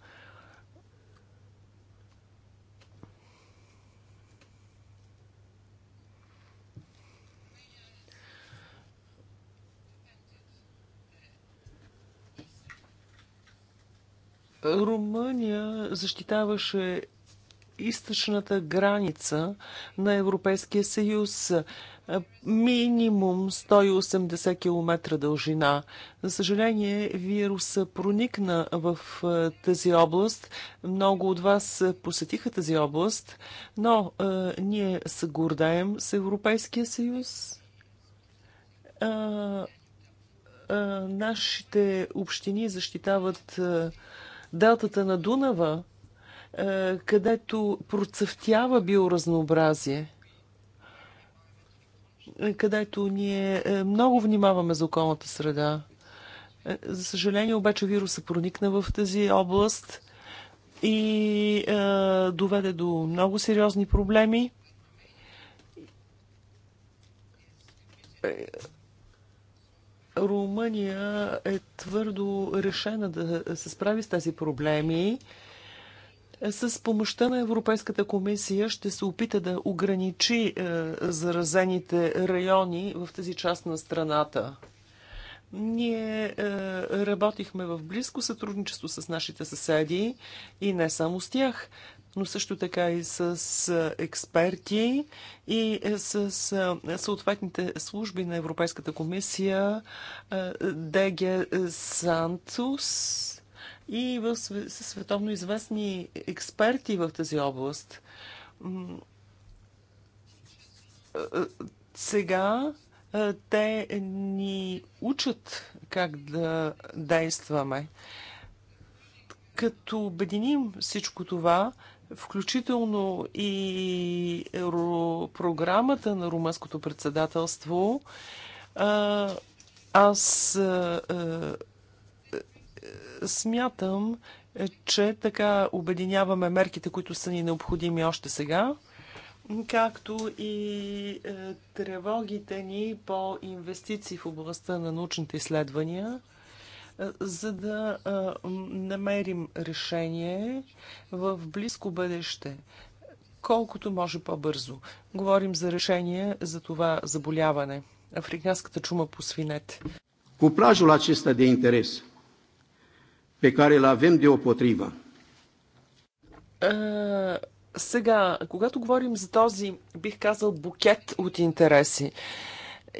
Румъния защитаваше източната граница на Европейския съюз. Минимум 180 км дължина. За съжаление, вируса проникна в е, тази област. Много от вас посетиха тази област, но а, е, ние се гордаем с Европейския съюз. А, е, а, нашите общини защитават. а, Датата на Дунава, е, където процъфтява биоразнообразие, е, където ние е, много внимаваме за околната среда. За съжаление, обаче вируса проникна в тази област и доведе до много сериозни проблеми. Румъния е твърдо решена да се справи с тези проблеми. С помощта на Европейската комисия ще се опита да ограничи е, заразените райони в тази част на страната. Ние е, работихме в близко сътрудничество с нашите съседи и не само с тях но също така и с експерти и е, с съответните служби на Европейската комисия ДГ Сантус и в световно известни експерти в тази област. Сега те ни учат как да действаме. Като обединим всичко това, включително и програмата на румънското председателство. Аз смятам, че така обединяваме мерките, които са ни необходими още сега, както и е, тревогите ни по инвестиции в областта на научните изследвания за да намерим решение в близко бъдеще, колкото може по-бързо. Говорим за решение за това заболяване. Африканската чума по свинете. Cuplajul acesta de interes pe care îl avem deopotrivă. Сега, когато говорим за този, бих казал, букет от интереси,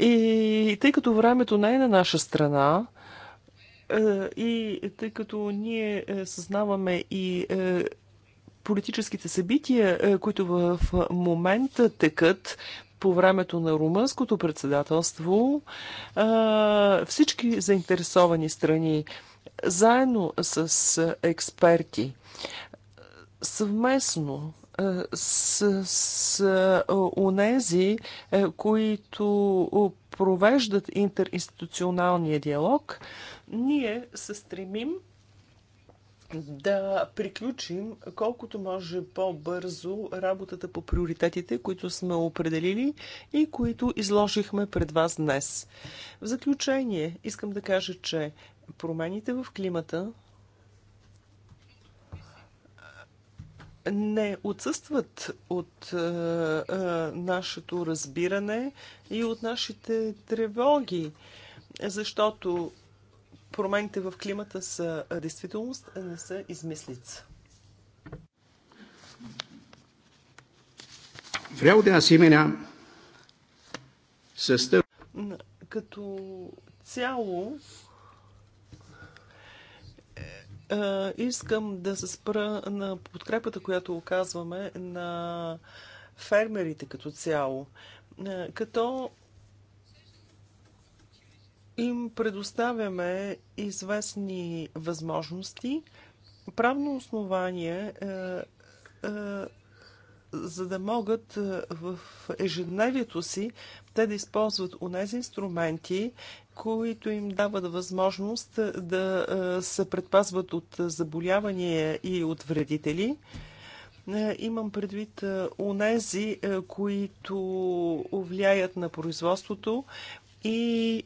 и тъй като времето не е на наша страна, е, и тъй като ние е, съзнаваме и е, политическите събития, които в момента текат, по времето на румънското председателство всички заинтересовани страни, заедно с експерти, съвместно е, с, с унези, е, е, които провеждат интеринституционалния диалог, ние се стремим да приключим колкото може по-бързо работата по приоритетите, които сме определили и които изложихме пред вас днес. В заключение искам да кажа, че промените в климата не отсъстват от а, е, а, е, нашето разбиране и от нашите тревоги, защото промените в климата са действителност, а не са измислица. Vreau de asemenea să stăm... Като цяло е, искам да се спра на подкрепата, която оказваме на фермерите като цяло, е, като им предоставяме известни възможности, правно основание, е, за да могат в ежедневието си те да използват онези инструменти, които им дават възможност да се предпазват от заболявания и от вредители. Имам предвид онези, които влияят на производството и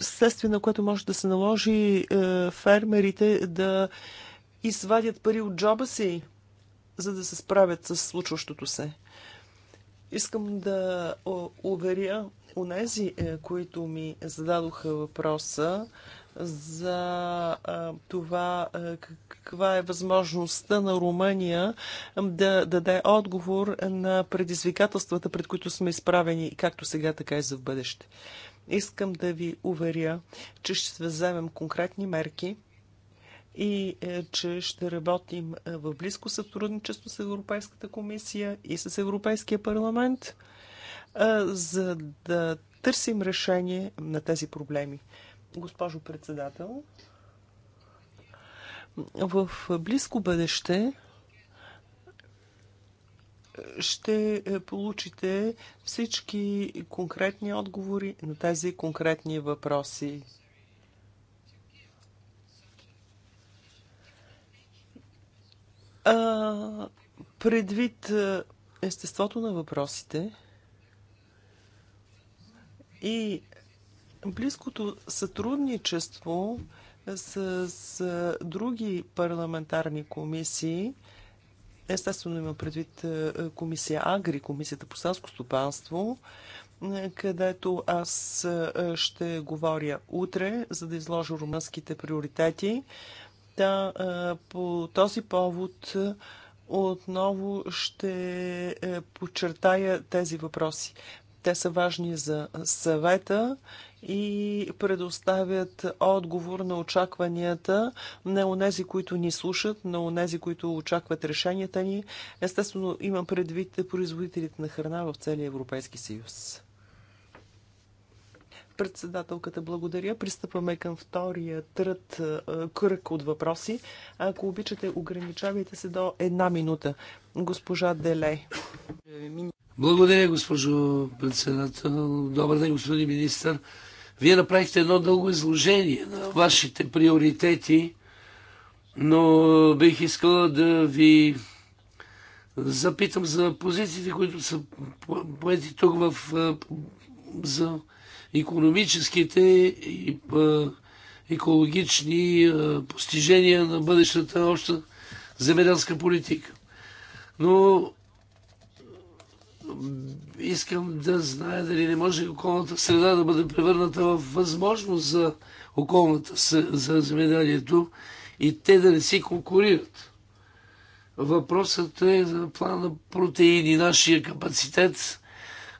следствие на което може да се наложи фермерите да извадят пари от джоба си, за да се справят с случващото се. Искам да уверя нези, е, които ми зададоха въпроса за това каква е възможността на Румъния да даде отговор на предизвикателствата, пред които сме изправени както сега, така и за в бъдеще. Искам да ви уверя, че ще вземем конкретни мерки и е, че ще работим е, в близко сътрудничество с Европейската комисия и с Европейския парламент, е, за да търсим решение на тези проблеми. Госпожо председател, в близко бъдеще ще получите всички конкретни отговори на тези конкретни въпроси. А, предвид естеството на въпросите и близкото сътрудничество с, с други парламентарни комисии, естествено има предвид комисия Агри, комисията по селско стопанство, където аз ще говоря утре, за да изложа румънските приоритети да, по този повод отново ще е, подчертая тези въпроси. Те са важни за съвета и предоставят отговор на очакванията на онези, които ни слушат, на онези, които очакват решенията ни. Естествено, имам предвид производителите на храна в целия Европейски съюз. Председателката, благодаря. Пристъпваме към втория трът е, кръг от въпроси. Ако обичате, ограничавайте се до една минута. Госпожа Деле. Благодаря, госпожо председател. Добър ден, господин министр. Вие направихте едно дълго изложение на вашите приоритети, но бих искала да ви запитам за позициите, които са поети тук в, е, за економическите и екологични постижения на бъдещата обща земеделска политика. Но искам да зная дали не може околната среда да бъде превърната в възможност за околната, за земеделието и те да не си конкурират. Въпросът е за плана протеини, нашия капацитет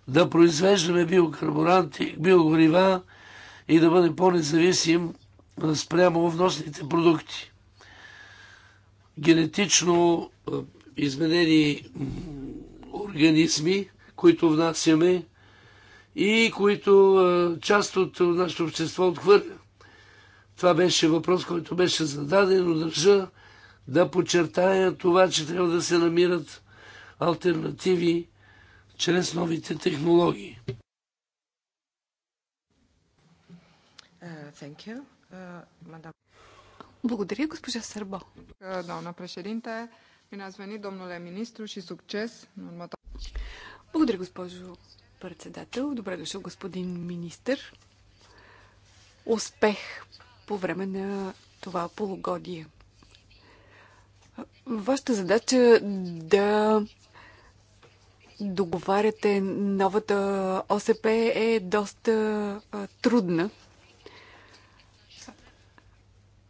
да произвеждаме биокарбуранти, биогорива и да бъдем по-независим спрямо вносните продукти. Генетично е, изменени организми, които внасяме и които е, част от нашето общество отхвърля. Това беше въпрос, който беше зададен, но държа да подчертая това, че трябва да се намират альтернативи чрез новите технологии. Uh, uh, Благодаря, госпожа Сърбо. Doamna е, președинте, bine ați venit, domnule ministru, și succes Благодаря, госпожо председател. Добре дошъл, господин министър. Успех по време на това полугодие. Вашата задача е да договаряте новата ОСП е доста трудна.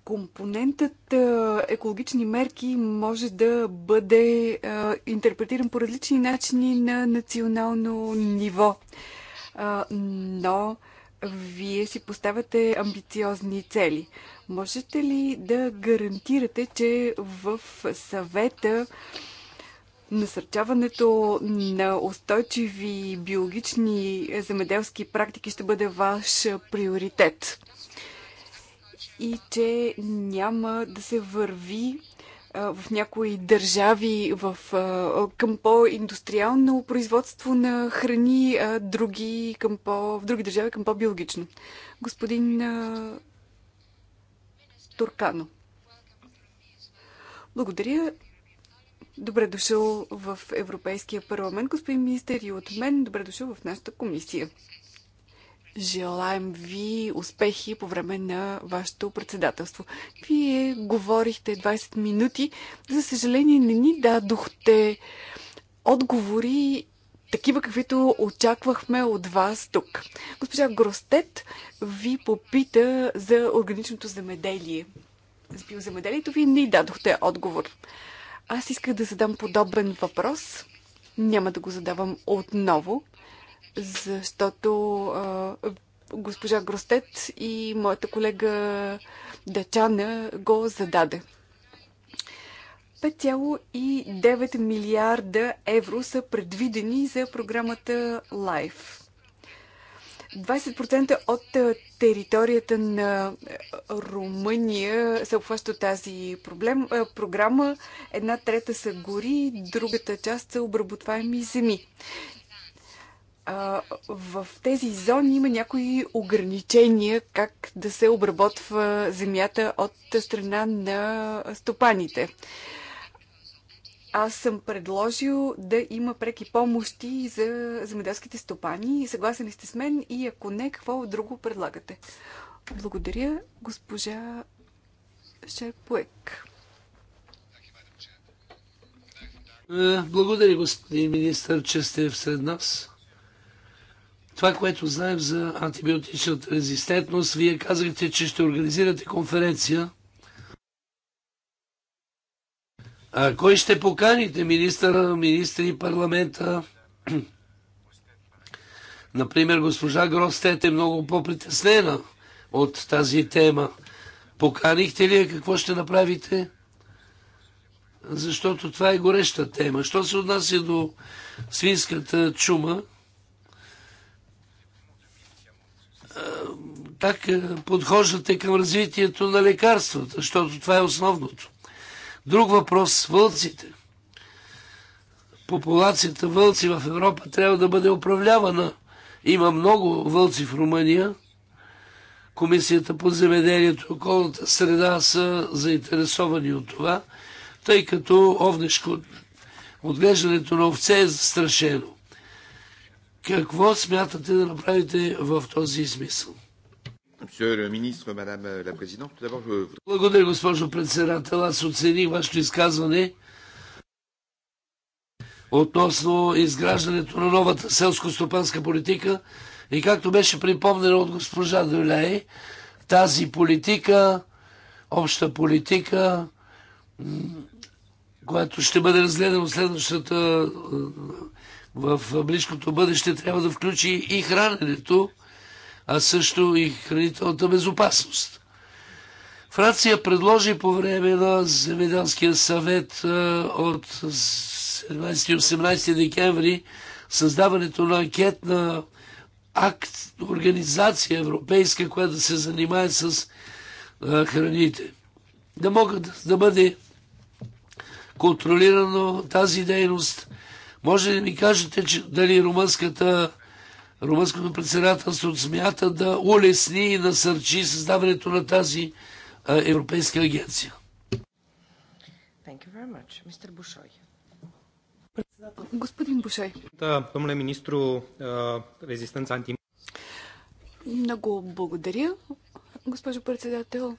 Компонентът екологични мерки може да бъде интерпретиран по различни начини на национално ниво. Но вие си поставяте амбициозни цели. Можете ли да гарантирате, че в съвета Насърчаването на устойчиви биологични земеделски практики ще бъде ваш приоритет. И че няма да се върви в някои държави в, към по-индустриално производство на храни, а други към по, в други държави към по-биологично. Господин а, Туркано. Благодаря. Добре дошъл в Европейския парламент, господин министър, и от мен добре дошъл в нашата комисия. Желаем ви успехи по време на вашето председателство. Вие говорихте 20 минути. За съжаление, не ни дадохте отговори такива, каквито очаквахме от вас тук. Госпожа Гростет ви попита за органичното земеделие. За биоземеделието вие не дадохте отговор. Аз исках да задам подобен въпрос. Няма да го задавам отново, защото а, госпожа Гростет и моята колега Дачана го зададе. 5,9 милиарда евро са предвидени за програмата LIFE. 20% от територията на Румъния се обхваща от тази проблем, програма. Една трета са гори, другата част са обработваеми земи. В тези зони има някои ограничения как да се обработва земята от страна на стопаните. Аз съм предложил да има преки помощи за земеделските стопани. Съгласен ли сте с мен и ако не, какво друго предлагате? Благодаря, госпожа Шерпуек. Е, благодаря, господин министр, че сте сред нас. Това, което знаем за антибиотичната резистентност, вие казахте, че ще организирате конференция А, кой ще поканите? Министъра, министри и парламента? Например, госпожа Гростет е много по-притеснена от тази тема. Поканихте ли я? Какво ще направите? Защото това е гореща тема. Що се отнася до свинската чума, как е, подхождате към развитието на лекарствата, защото това е основното. Друг въпрос – вълците. Популацията вълци в Европа трябва да бъде управлявана. Има много вълци в Румъния. Комисията по земеделието и околната среда са заинтересовани от това, тъй като овнешко отглеждането на овце е застрашено. Какво смятате да направите в този смисъл? Благодаря, госпожо председател. Аз оцених вашето изказване относно изграждането на новата селско-стопанска политика. И както беше припомнено от госпожа Дюлей, тази политика, обща политика, която ще бъде разгледана в следващата в близкото бъдеще, трябва да включи и храненето, а също и хранителната безопасност. Франция предложи по време на Земеделския съвет от 17-18 декември създаването на анкетна акт, организация европейска, която да се занимае с храните. Да могат да бъде контролирано тази дейност. Може да ми кажете, че дали румънската Румънското председателство смята да улесни и насърчи създаването на тази Европейска агенция. Господин Бушой. Да, домнule министру, резистенца анти... Много благодаря, госпожо председател.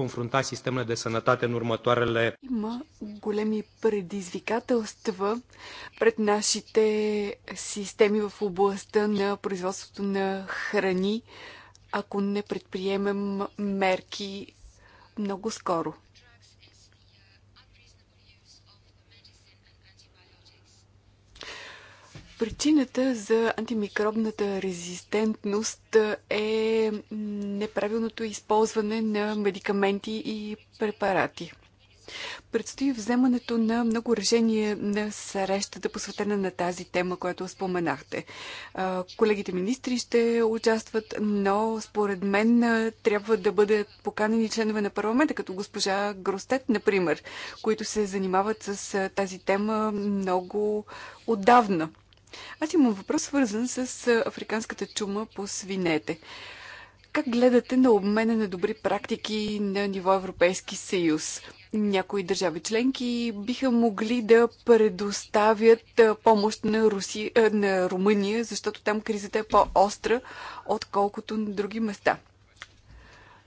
Confrunta sistemele de sănătate în următoarele... Има големи предизвикателства пред нашите системи в областта на производството на храни, ако не предприемем мерки много скоро. Причината за антимикробната резистентност е неправилното използване на медикаменти и препарати. Предстои вземането на много решение на срещата, посветена на тази тема, която споменахте. Колегите министри ще участват, но според мен трябва да бъдат поканени членове на парламента, като госпожа Гростет, например, които се занимават с тази тема много отдавна. Аз имам въпрос, свързан с африканската чума по свинете. Как гледате на обмена на добри практики на ниво Европейски съюз? някои държави членки биха могли да предоставят помощ на, Руси, на Румъния, защото там кризата е по-остра, отколкото на други места.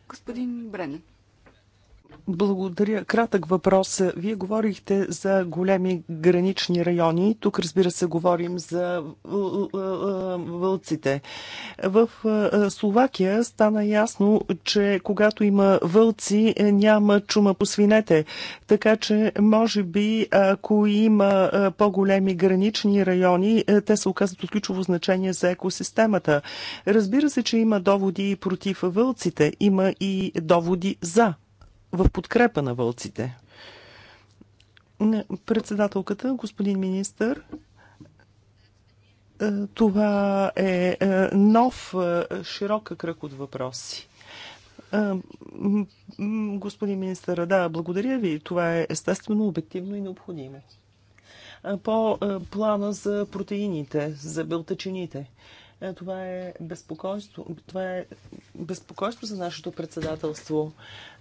Господин Бренен. Благодаря. Кратък въпрос. Вие говорихте за големи гранични райони. Тук, разбира се, говорим за вълците. В Словакия стана ясно, че когато има вълци, е, няма чума по свинете. Така че, може би, ако има по-големи гранични райони, е, те се оказват от ключово значение за екосистемата. Разбира се, че има доводи против вълците. Има и доводи за в подкрепа на вълците. Председателката, господин министър, е, това е, е нов, е, широк кръг от въпроси. Господин министър, да, благодаря ви. Това е естествено, обективно и необходимо. По плана за протеините, за белтъчините. Е, това е безпокойство. Това е безпокойство за нашето председателство.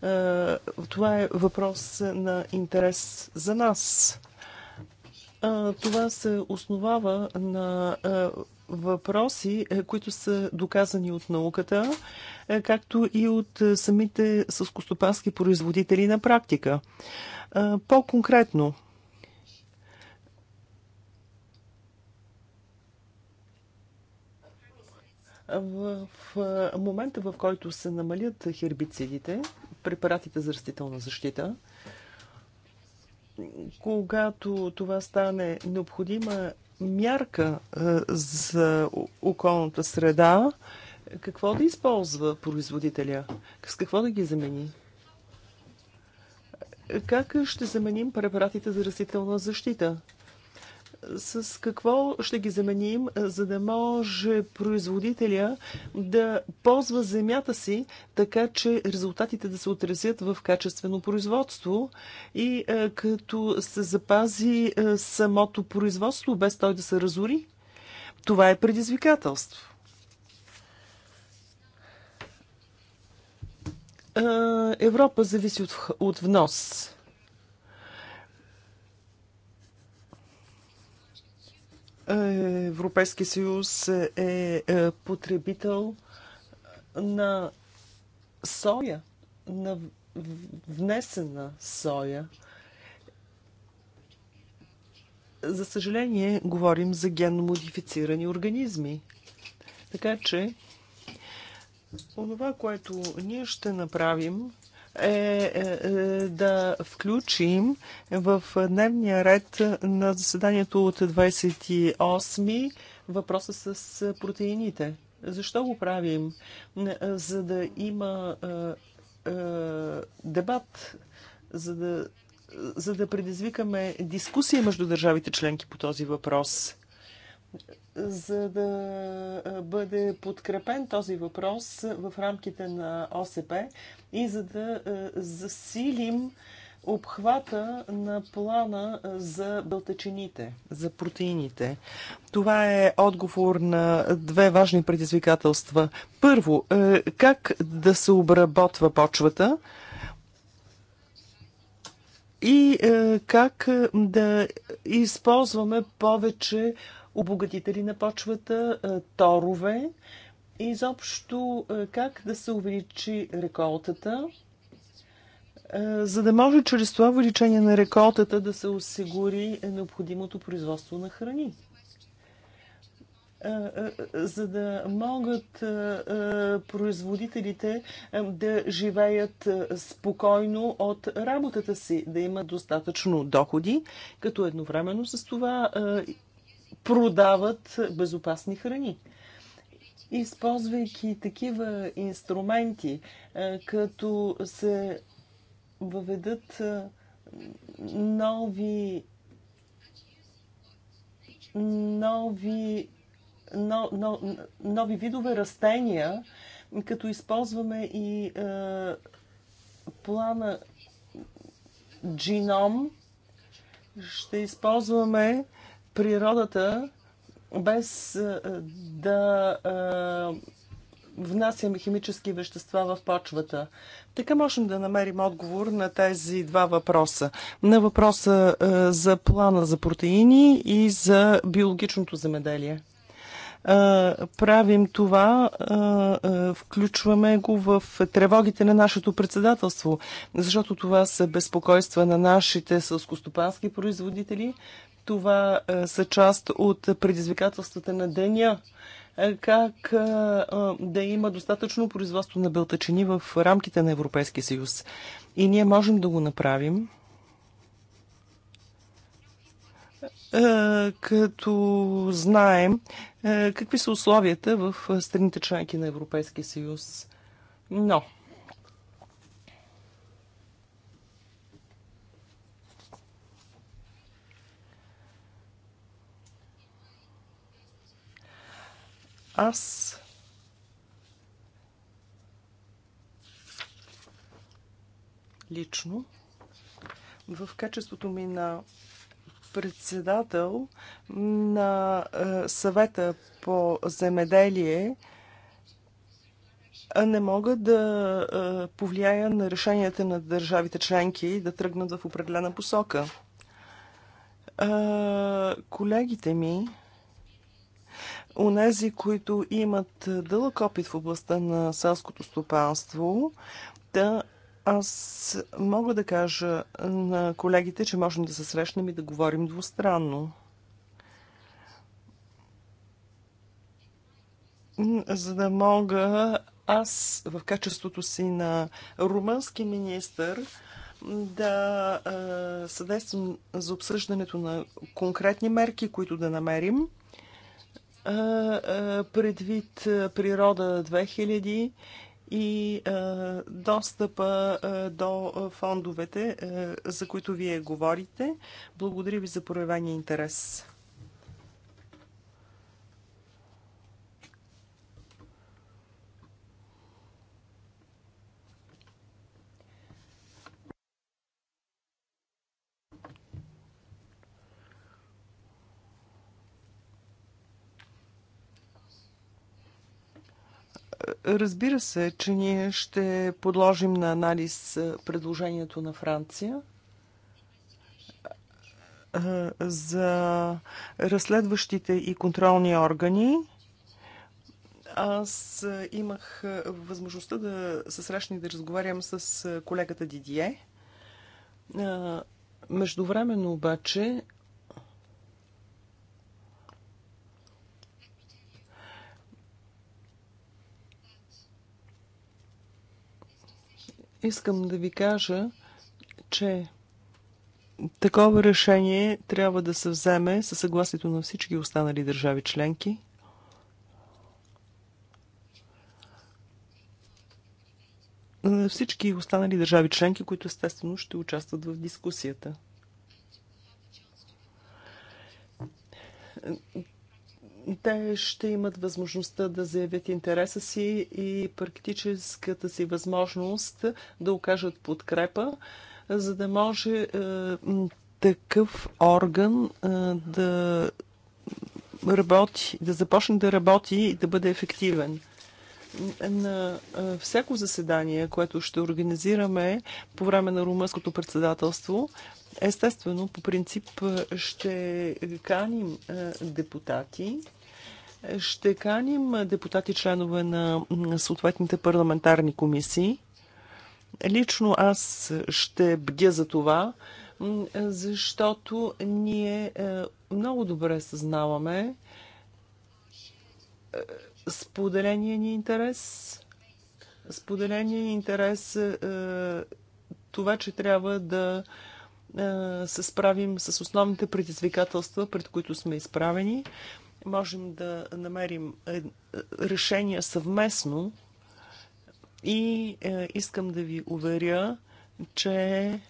Е, това е въпрос на интерес за нас. Е, това се основава на въпроси, които са доказани от науката, както и от самите съскостопански производители на практика. По-конкретно, В момента, в който се намалят хербицидите, препаратите за растителна защита, когато това стане необходима мярка за околната среда, какво да използва производителя? С какво да ги замени? Как ще заменим препаратите за растителна защита? с какво ще ги заменим, за да може производителя да ползва земята си, така че резултатите да се отразят в качествено производство и като се запази самото производство, без той да се разори? Това е предизвикателство. Европа зависи от, внос. Европейски съюз е, е, е потребител на соя, на внесена соя. За съжаление, говорим за генно модифицирани организми. Така че, онова, което ние ще направим, е, е, е да включим в дневния ред на заседанието от 28 въпроса с протеините. Защо го правим? За да има е, е, дебат, за да, за да предизвикаме дискусия между държавите членки по този въпрос за да бъде подкрепен този въпрос в рамките на ОСП и за да засилим обхвата на плана за белтачините, за протеините. Това е отговор на две важни предизвикателства. Първо, е, как да се обработва почвата и е, как да използваме повече обогатители на почвата, торове, изобщо как да се увеличи реколтата, за да може чрез това увеличение на реколтата да се осигури необходимото производство на храни за да могат производителите да живеят спокойно от работата си, да имат достатъчно доходи, като едновременно с това продават безопасни храни. Използвайки такива инструменти, е, като се въведат е, нови нови, но, но, нови видове растения, като използваме и е, плана Джином, ще използваме природата, без е, е, да е, внасяме химически вещества в почвата. Така можем да намерим отговор на тези два въпроса. На въпроса за плана за протеини и за биологичното земеделие. Правим това, включваме го в тревогите на нашето председателство, защото това са безпокойства на нашите сълскостопански производители, това е, са част от предизвикателствата на деня. Е, как е, да има достатъчно производство на белтачини в рамките на Европейския съюз. И ние можем да го направим. като знаем какви са условията в страните членки на Европейския съюз. Но Аз лично в качеството ми на председател на е, съвета по земеделие не мога да е, повлияя на решенията на държавите членки да тръгнат в определена посока. Е, колегите ми онези, които имат дълъг опит в областта на селското стопанство, да аз мога да кажа на колегите, че можем да се срещнем и да говорим двустранно. За да мога аз в качеството си на румънски министър да съдействам за обсъждането на конкретни мерки, които да намерим предвид природа 2000 и а, достъпа а, до фондовете, а, за които вие говорите. Благодаря ви за проявения интерес. Разбира се, че ние ще подложим на анализ предложението на Франция за разследващите и контролни органи. Аз имах възможността да се срещна и да разговарям с колегата Дидие. Междувременно обаче Искам да ви кажа, че такова решение трябва да се вземе със съгласието на всички останали държави членки. На всички останали държави членки, които естествено ще участват в дискусията те ще имат възможността да заявят интереса си и практическата си възможност да окажат подкрепа, за да може е, такъв орган е, да работи, да започне да работи и да бъде ефективен на е, всяко заседание, което ще организираме по време на румънското председателство, Естествено, по принцип ще каним е, депутати. Ще каним депутати, членове на съответните парламентарни комисии. Лично аз ще бдя за това, защото ние е, много добре съзнаваме е, споделения ни интерес, споделения интерес това, че трябва да е, се справим с основните предизвикателства, пред които сме изправени. Можем да намерим е, решения съвместно и е, искам да ви уверя, че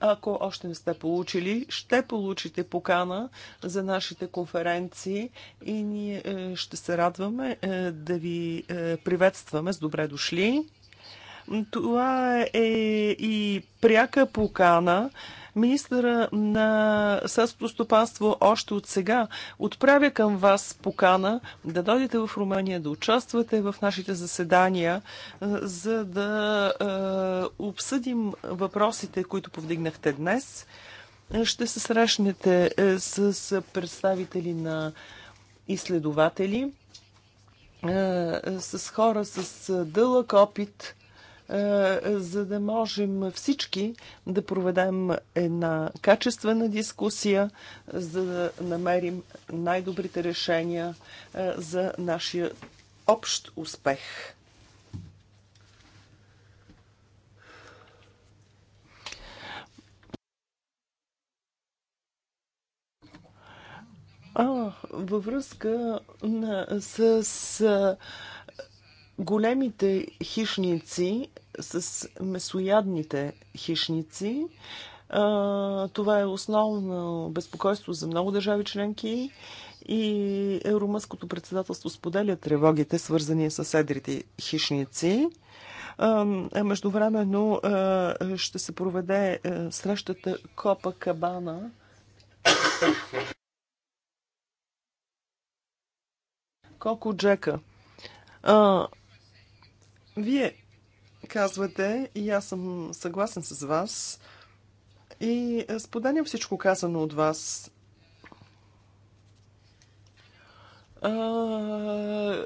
ако още не сте получили, ще получите покана за нашите конференции и ние ще се радваме да ви приветстваме с добре дошли. Това е и пряка покана министъра на селското стопанство още от сега отправя към вас покана да дойдете в Румъния, да участвате в нашите заседания, за да е, обсъдим въпросите, които повдигнахте днес. Ще се срещнете е, с представители на изследователи, е, с хора с е, дълъг опит е, за да можем всички да проведем една качествена дискусия, за да намерим най-добрите решения е, за нашия общ успех. А, във връзка на, с, с големите хищници с месоядните хищници. Това е основно безпокойство за много държави членки и румънското председателство споделя тревогите, свързани с едрите хищници. Междувременно ще се проведе срещата Копа Кабана. Коко Джека. Вие казвате и аз съм съгласен с вас и е, споделям всичко казано от вас. А,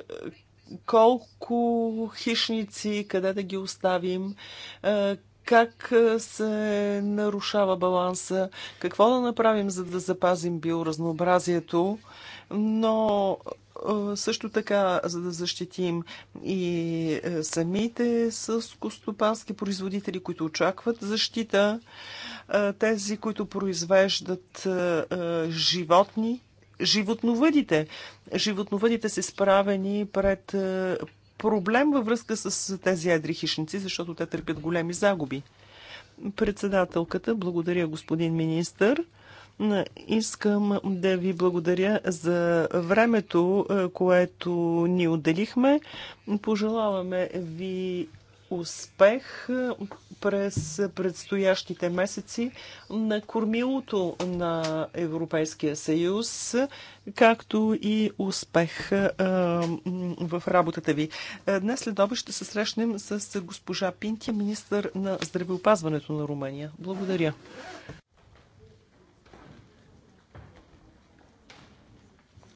колко хищници, къде да ги оставим, а, как е, се нарушава баланса, какво да направим, за да запазим биоразнообразието, но също така, за да защитим и е, самите костопански производители, които очакват защита, тези, които произвеждат е, е, животни, животновъдите. Животновъдите са справени пред проблем във връзка с тези едри хищници, защото те търпят големи загуби. Председателката, благодаря господин министър. Искам да ви благодаря за времето, е, което ни отделихме. Пожелаваме ви успех е, през предстоящите месеци на кормилото на Европейския съюз, както и успех е, в работата ви. Днес след обе ще се срещнем с госпожа Пинти, министър на здравеопазването на Румъния. Благодаря.